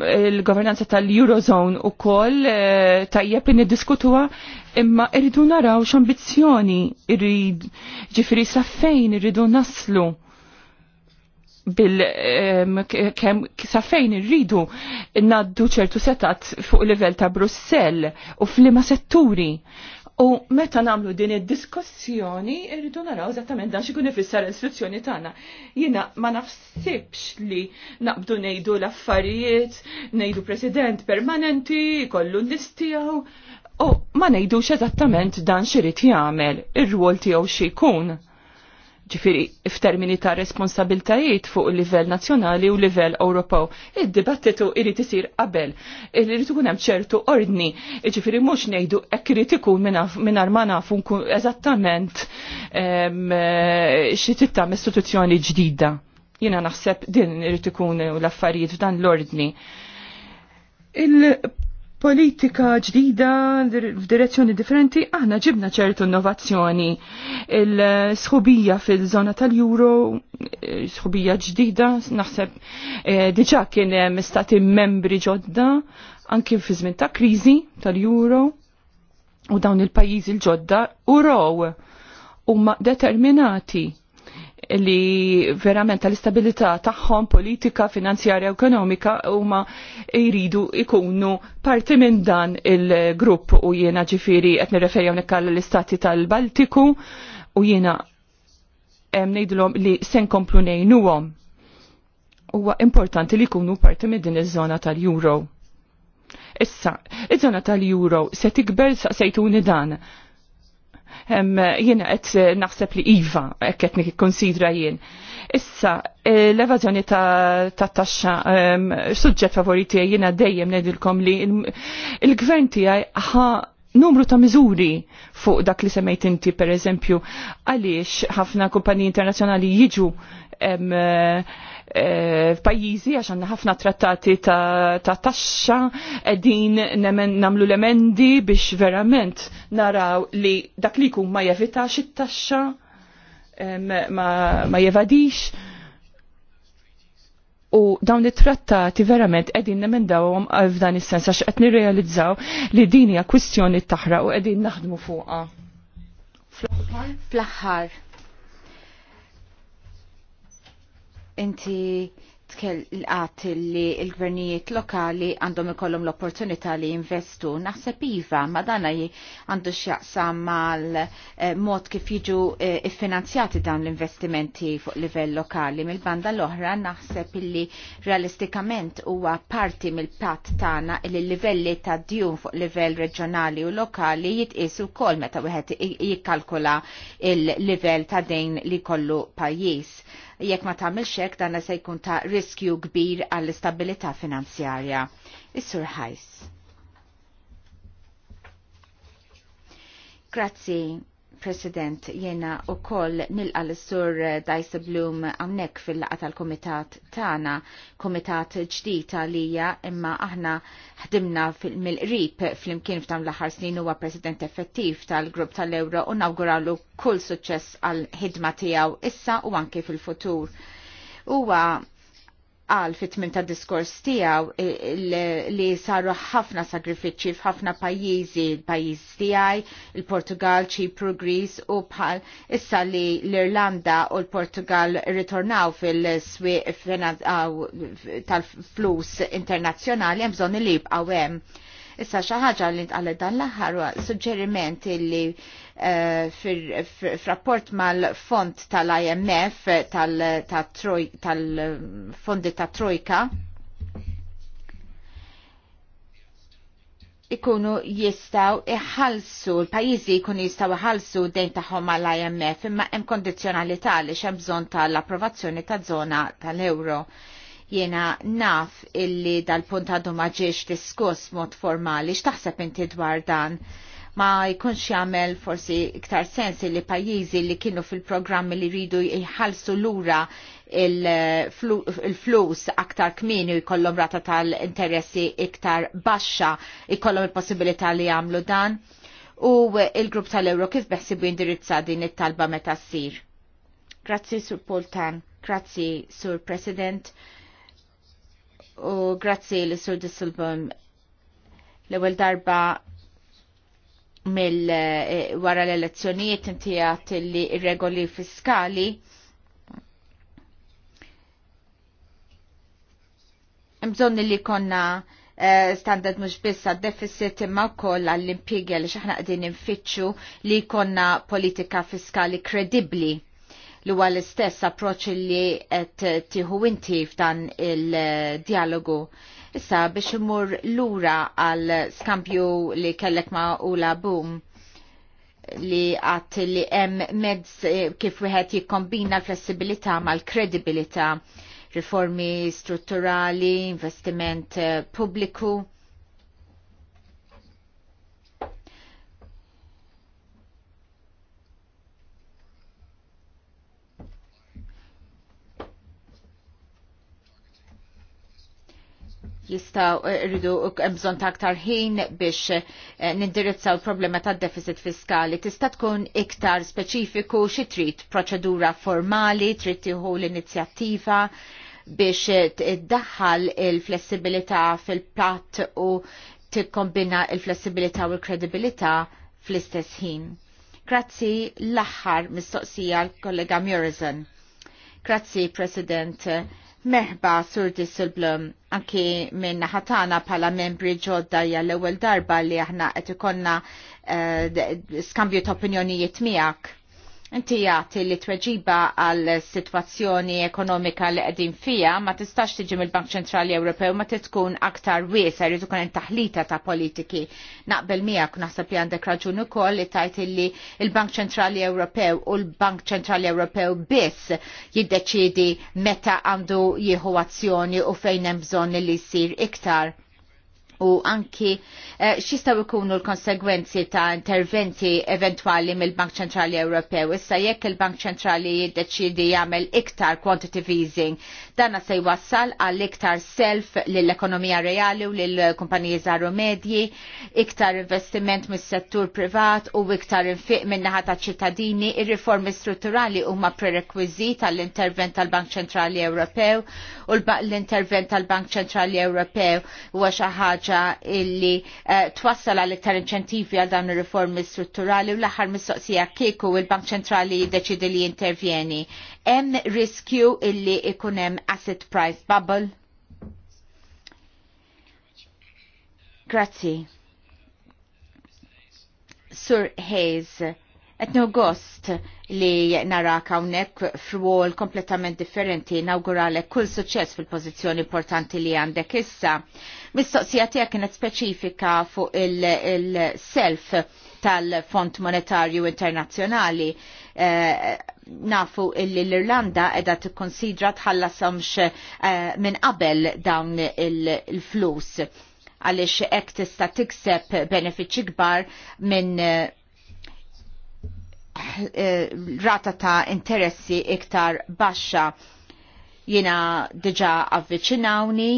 eh, il-governanza tal-Eurozone u koll eh, tajjeb li niddiskutuwa imma irridu naraw x'ambizzjoni irrid ġifiri saffejn irridu naslu bil kem safejn irridu naddu ċertu setat fuq livell ta' Brussell u flima setturi U meta namlu din id-diskussjoni, irridu naraw eżattament dan xikun ifisser l-istruzzjoni tagħna. Jiena ma nafsibx li naqbdu ngħidu l-affarijiet, ngħidu president permanenti, kollu nistijaw, u ma ngħidux eżattament dan xirid jagħmel, ir-rwol tiegħu xi jkun ġifiri f'termini ta' responsabiltajiet fuq il-livell nazzjonali u livell Ewropew. Id-dibattitu irid isir qabel, irid ikun hemm ċertu ordni, ġifiri mhux ngħidu hekk irid ikun mingħajr ma nafu eżattament eh, xi tittam istituzzjoni ġdida. Jiena naħseb din irid ikun l-affarijiet f'dan l-ordni politika ġdida f'direzzjoni differenti, aħna ġibna ċertu innovazzjoni. Il-sħubija fil-zona tal-Euro, eh, sħubija ġdida, naħseb eh, diġa kien mistati membri ġodda, anki fi żmien ta' kriżi tal-Euro, u dawn il-pajjiżi l-ġodda u row huma determinati li verament tal-istabilità tagħhom politika, finanzjarja, ekonomika huma jridu ikunu parti minn dan il-grupp u jiena ġifieri qed nirrefejja unikal l-istati tal-Baltiku u jiena ngħidulhom li se nkomplu ngħinuhom. Huwa importanti li jkunu parti minn din iż-żona tal-Euro. Issa, iż-żona tal-Euro se tikber saqsejtuni dan Jiena qed eh, naħseb li iva, hekk qed nikkonsidra jien. Issa, eh, l-evazjoni ta' taxxa suġġett favoriti jiena dejjem ngħidilkom li il-gvern tiegħi ħa numru ta' miżuri fuq dak li semmejt inti per eżempju għaliex ħafna kumpaniji internazzjonali jiġu Eh, f'pajjiżi għax għandna ħafna trattati ta' taxxa qegħdin nagħmlu l-emendi biex verament naraw li dak li jkun ma jevitax it-taxxa eh, ma jevadix u dawn it-trattati verament qegħdin nemendawhom f'dan is-sens għax qed nirrealizzaw li din hija kwistjoni taħraq u qegħdin naħdmu fuqha. Fl-aħħar. Inti tkellqat li l-gvernijiet lokali għandhom ikollhom l-opportunità li jinvestu. Naħseb iva, ma dana għandu x'jaqsam mal-mod eh, kif jiġu eh, iffinanzjati dawn l-investimenti fuq livell lokali. Mill-banda l-oħra naħseb li realistikament huwa parti mill pat tagħna li livelli ta' djum fuq livell reġjonali u lokali jitqisu wkoll meta wieħed jikkalkula il-livell ta' dejn li kollu pajjiż Jekk ma tagħmel hekk dan se jkun ta' riskju kbir għall-istabilità finanzjarja. Is-Sur Grazie. President, jena u koll nilqa l-sur Dice Bloom għamnek fil-laqa tal-komitat tana, komitat ġdita lija imma aħna ħdimna mill-qrib fl-imkien f'tam l-aħħar snin huwa President effettiv tal-grupp tal-Euro u nawguralu kull suċċess għal-ħidma tiegħu issa u anke fil-futur. Huwa qal fit ta' diskors tiegħu li saru ħafna sagrifiċċji f'ħafna pajjiżi, l pajjiż tiegħi, il-Portugal, Ċipru, Gris u bħal issa li l-Irlanda u l-Portugal ritornaw fil-swieq tal-flus internazzjonali hemm bżonn li jibqgħu hemm Issa xi ħaġa li ntqalet dan l-aħħar suġġeriment li eh, f'rapport mal-fond tal-IMF tal-fondi ta' Trojka ikunu jistaw iħalsu, l-pajizi ikunu jistaw iħalsu dejn taħħom għal imf imma hemm kondizjonalità li bżon tal-approvazzjoni ta' zona tal-euro. Jena naf illi dal-punt għadu maġiex diskuss mod formali, x'taħseb inti dwar dan? ma jkunx jagħmel forsi iktar sens li pajjiżi li kienu fil-programmi li rridu jħallsu lura il-flus aktar kmini jkollhom rata tal-interessi iktar baxxa jkollhom il-possibilità li jagħmlu dan. U il-grupp tal-Euro kif beħsibu indirizza din it-talba meta ssir. Grazzi Sur Poltan, grazzi Sur President, u grazzi li Sur disilbum l ewwel darba mill eh, wara l-elezzjonijiet inti għat li regoli fiskali Mżon li konna eh, standard mux biss għad deficit imma wkoll għall-impjegi li xaħna qegħdin infittxu li konna politika fiskali kredibbli li huwa l-istess approċċ li qed tieħu inti f'dan il-dialogu. Issa biex imur lura għal skampju li kellek ma' Ula Boom li għat li hemm mezz eh, kif wieħed jikkombina l-flessibilità mal-kredibilità riformi strutturali, investiment eh, pubbliku jista eh, rridu eh, bżon ta' aktar ħin biex eh, nindirizzaw il-problema ta' deficit fiskali. Tista' tkun iktar speċifiku xi trid proċedura formali, trid tieħu l-inizjattiva biex iddaħħal il-flessibilità fil-platt u tikkombina il-flessibilità u l-kredibilità fl-istess ħin. Grazzi l-aħħar mistoqsija l-kollega Murison. Grazzi, President. Meħba, Sur Disselblum, anki minn ħatana pala membri ġodda ja l ewwel darba li aħna qed ikonna uh, skambju ta' opinjonijiet miegħek Inti jagħti li tweġiba għal sitwazzjoni ekonomika li qegħdin fija ma tistax tiġi mill-Bank Ċentrali Ewropew ma tkun aktar wiesa jrid ikun hemm taħlita ta' politiki. Naqbel miegħek naħseb li għandek raġun ukoll li tajt li l-Bank Ċentrali Ewropew u l-Bank Ċentrali Ewropew biss jiddeċiedi meta għandu jieħu azzjoni u fejn hemm bżonn li jsir iktar u anki uh, xistaw ikunu l-konsegwenzi ta' interventi eventuali mill-Bank Ċentrali Ewropew. Issa jekk il-Bank Ċentrali jiddeċidi jagħmel iktar quantitative easing Danna se jwassal għall iktar self lill-ekonomija reali u lill-kumpaniji żaru medji, iktar investiment mis-settur privat u iktar infiq minnaħa ta' ċittadini, ir-riformi strutturali huma prerekwiżit għall intervent tal-Bank Ċentrali Ewropew u l-intervent tal-Bank Ċentrali Ewropew huwa xi ħaġa li eh, twassal għall iktar inċentivi għal dawn ir-riformi strutturali u l-aħħar mistoqsija kieku il-Bank Ċentrali jiddeċidi li jintervjeni Hemm riskju illi ikun hemm asset price bubble? Grazzi. Sur Hayes, etnu gost li nara hawnhekk fruol kompletament differenti nawguralek kull suċċess fil-pożizzjoni importanti li għandek issa. Mistoqsija tiegħek kienet speċifika fuq il-self il self il tal fond Monetarju Internazzjonali. Eh, nafu illi l-Irlanda edha tikkonsidra tħallasamx eh, minn qabel dawn il-flus għalix ek tista tikseb benefiċi kbar minn eh, rata ta' interessi iktar baxxa jina diġa avviċinawni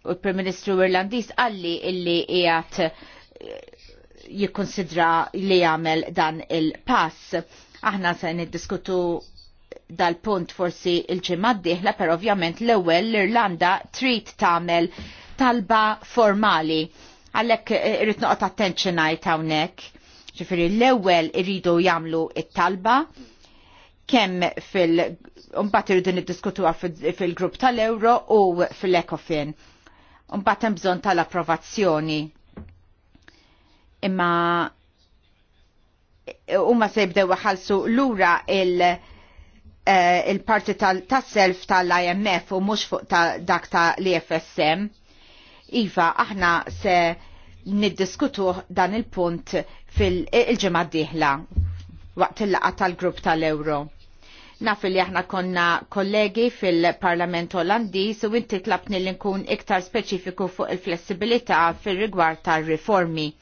u l-Prim Ministru Irlandiż għalli illi jgħat eh, jikkonsidra li jagħmel dan il-pass. Aħna se niddiskutu dal-punt forsi il-ġimgħa d-dieħla, per ovvjament l-ewwel l-Irlanda trid tagħmel talba formali. Għalhekk eh, irrid noqgħod attenzjonajt hawnhekk. Ġifieri l-ewwel iridu jagħmlu it-talba kemm fil mbagħad irridu niddiskutuha fil-grupp tal ewro u fil-Ecofin. Mbagħad hemm bżonn tal-approvazzjoni imma umma se jibdew ħalsu lura il- eh, il-parti tas-self tal-IMF u mhux fuq dak ta' l-FSM. Iva, aħna se niddiskutu dan il-punt fil-ġemma diħla waqt il-laqa tal-grupp tal-Euro. Naf li aħna konna kollegi fil-Parlament Olandiż u inti tlabni li nkun iktar speċifiku fuq il-flessibilità fil-rigward tal-riformi.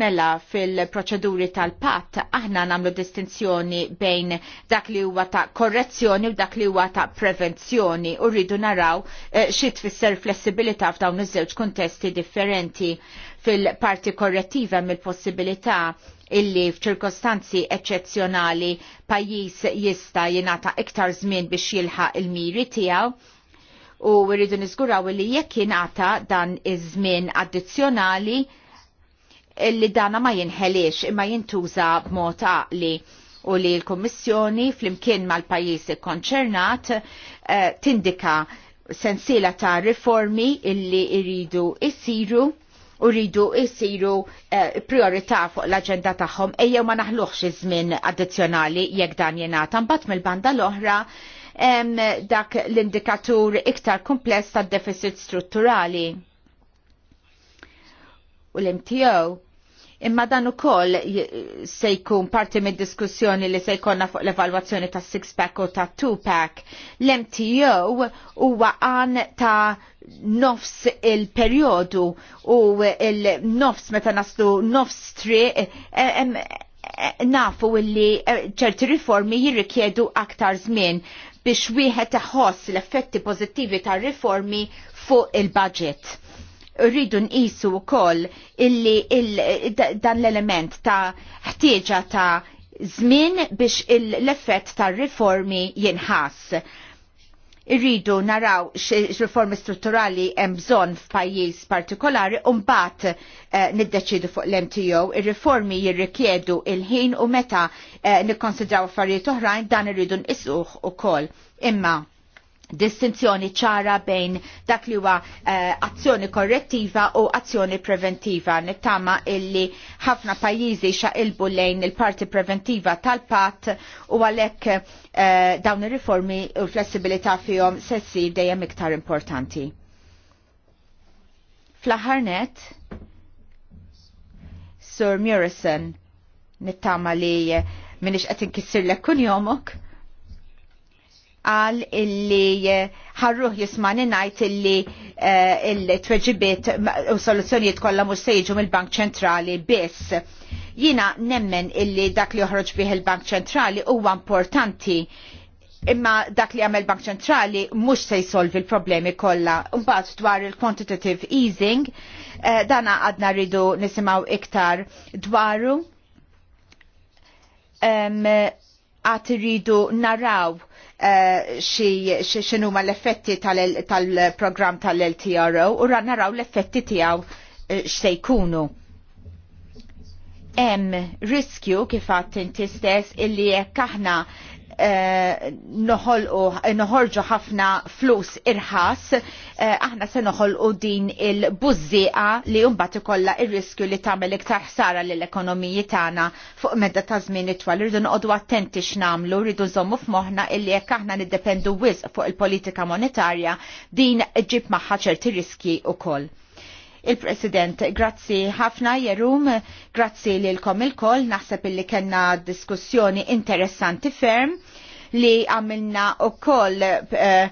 Mela fil-proċeduri tal-pat aħna namlu distinzjoni bejn dak li huwa ta' korrezzjoni u dak li huwa ta' prevenzjoni u rridu naraw eh, xi tfisser flessibilità f'dawn iż-żewġ kuntesti differenti fil-parti korrettiva mill-possibilità illi f'ċirkostanzi eccezzjonali pajjiż jista' jingħata iktar żmien biex jilħaq il-miri tiegħu u rridu niżguraw li jekk jingħata dan iż-żmien addizzjonali li dana ma jinħelix imma jintuża b'mod għaqli u li l-Kommissjoni flimkien mal pajjiżi konċernat eh, tindika sensiela ta' riformi illi iridu isiru u rridu jisiru eh, priorità fuq l aġenda tagħhom ejjew ma naħluħx iż-żmien addizzjonali jekk dan jingħata mbagħad mill-banda l-oħra dak l-indikatur iktar kumpless tad-deficit strutturali u l-MTO, imma dan ukoll se jkun parti mid diskussjoni li se jkollna fuq l-evalwazzjoni ta' six pack u ta' two pack l-MTO huwa għan ta' nofs il-periodu u il-nofs meta naslu nofs triq e, e, nafu illi e, ċerti riformi jirrikjedu aktar żmien biex wieħed iħoss l-effetti pożittivi tar riformi fuq il-budget rridu nqisu wkoll illi dan l-element ta' ħtieġa ta' żmien biex l-effett tar-riformi jinħass. Irridu naraw x-riformi strutturali hemm bżonn f'pajjiż partikolari u mbagħad eh, niddeċidu fuq l-MTO. Ir-riformi jirrikjedu il-ħin u meta eh, nikkonsidraw affarijiet oħrajn dan irridu nqisuh ukoll. Imma distinzjoni ċara bejn dak li huwa eh, azzjoni korrettiva u azzjoni preventiva. Nittama illi ħafna pajjiżi xaqilbu lejn il-parti preventiva tal-pat u għalhekk eh, dawn ir-riformi u flessibilità fihom se ssir dejjem iktar importanti. Fl-aħħar Sir Murison, nittama li minix qed inkissirlek kun jomok għal illi eh, ħarruħ jismani najt illi eh, il-tweġibiet u soluzzjonijiet kollha mhux se jiġu mill-Bank Ċentrali biss. Jina nemmen illi dak li joħroġ bih il-Bank Ċentrali huwa importanti imma dak li għamel Bank Ċentrali mhux se jsolvi l-problemi kollha. Mbagħad dwar il-quantitative easing eh, dana għadna rridu nisimgħu iktar dwaru għat rridu naraw Eh, xinu ma l-effetti tal-program tal-LTRO u naraw l-effetti tijaw eh, xsejkunu. Em riskju kifat inti stess illi jekk aħna Eh, eh, noħorġu ħafna flus irħas, eh, aħna se noħolqu din il-bużieqa li jumbat ikolla il riskju li tagħmel iktar ħsara lill-ekonomiji tagħna fuq medda ta' żmien itwal. Irridu noqogħdu attenti x'namlu, rridu nżommu f'moħħna illi jekk aħna niddependu wisq fuq il-politika monetarja din ġib magħha ċerti riski wkoll il-President. Grazzi ħafna Jerum, grazzi li l-kom il-kol, naħseb illi kena diskussjoni interessanti ferm li għamilna u koll eh,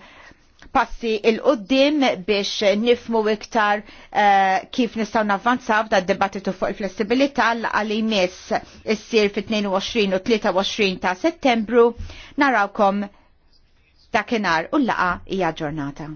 passi il-qoddim biex nifmu iktar uh, kif nistaw navvanzaw da dibattitu fuq il-flessibilità għalli miss issir fit-22 u 23 ta' settembru narawkom dakinar u laqa hija ġurnata.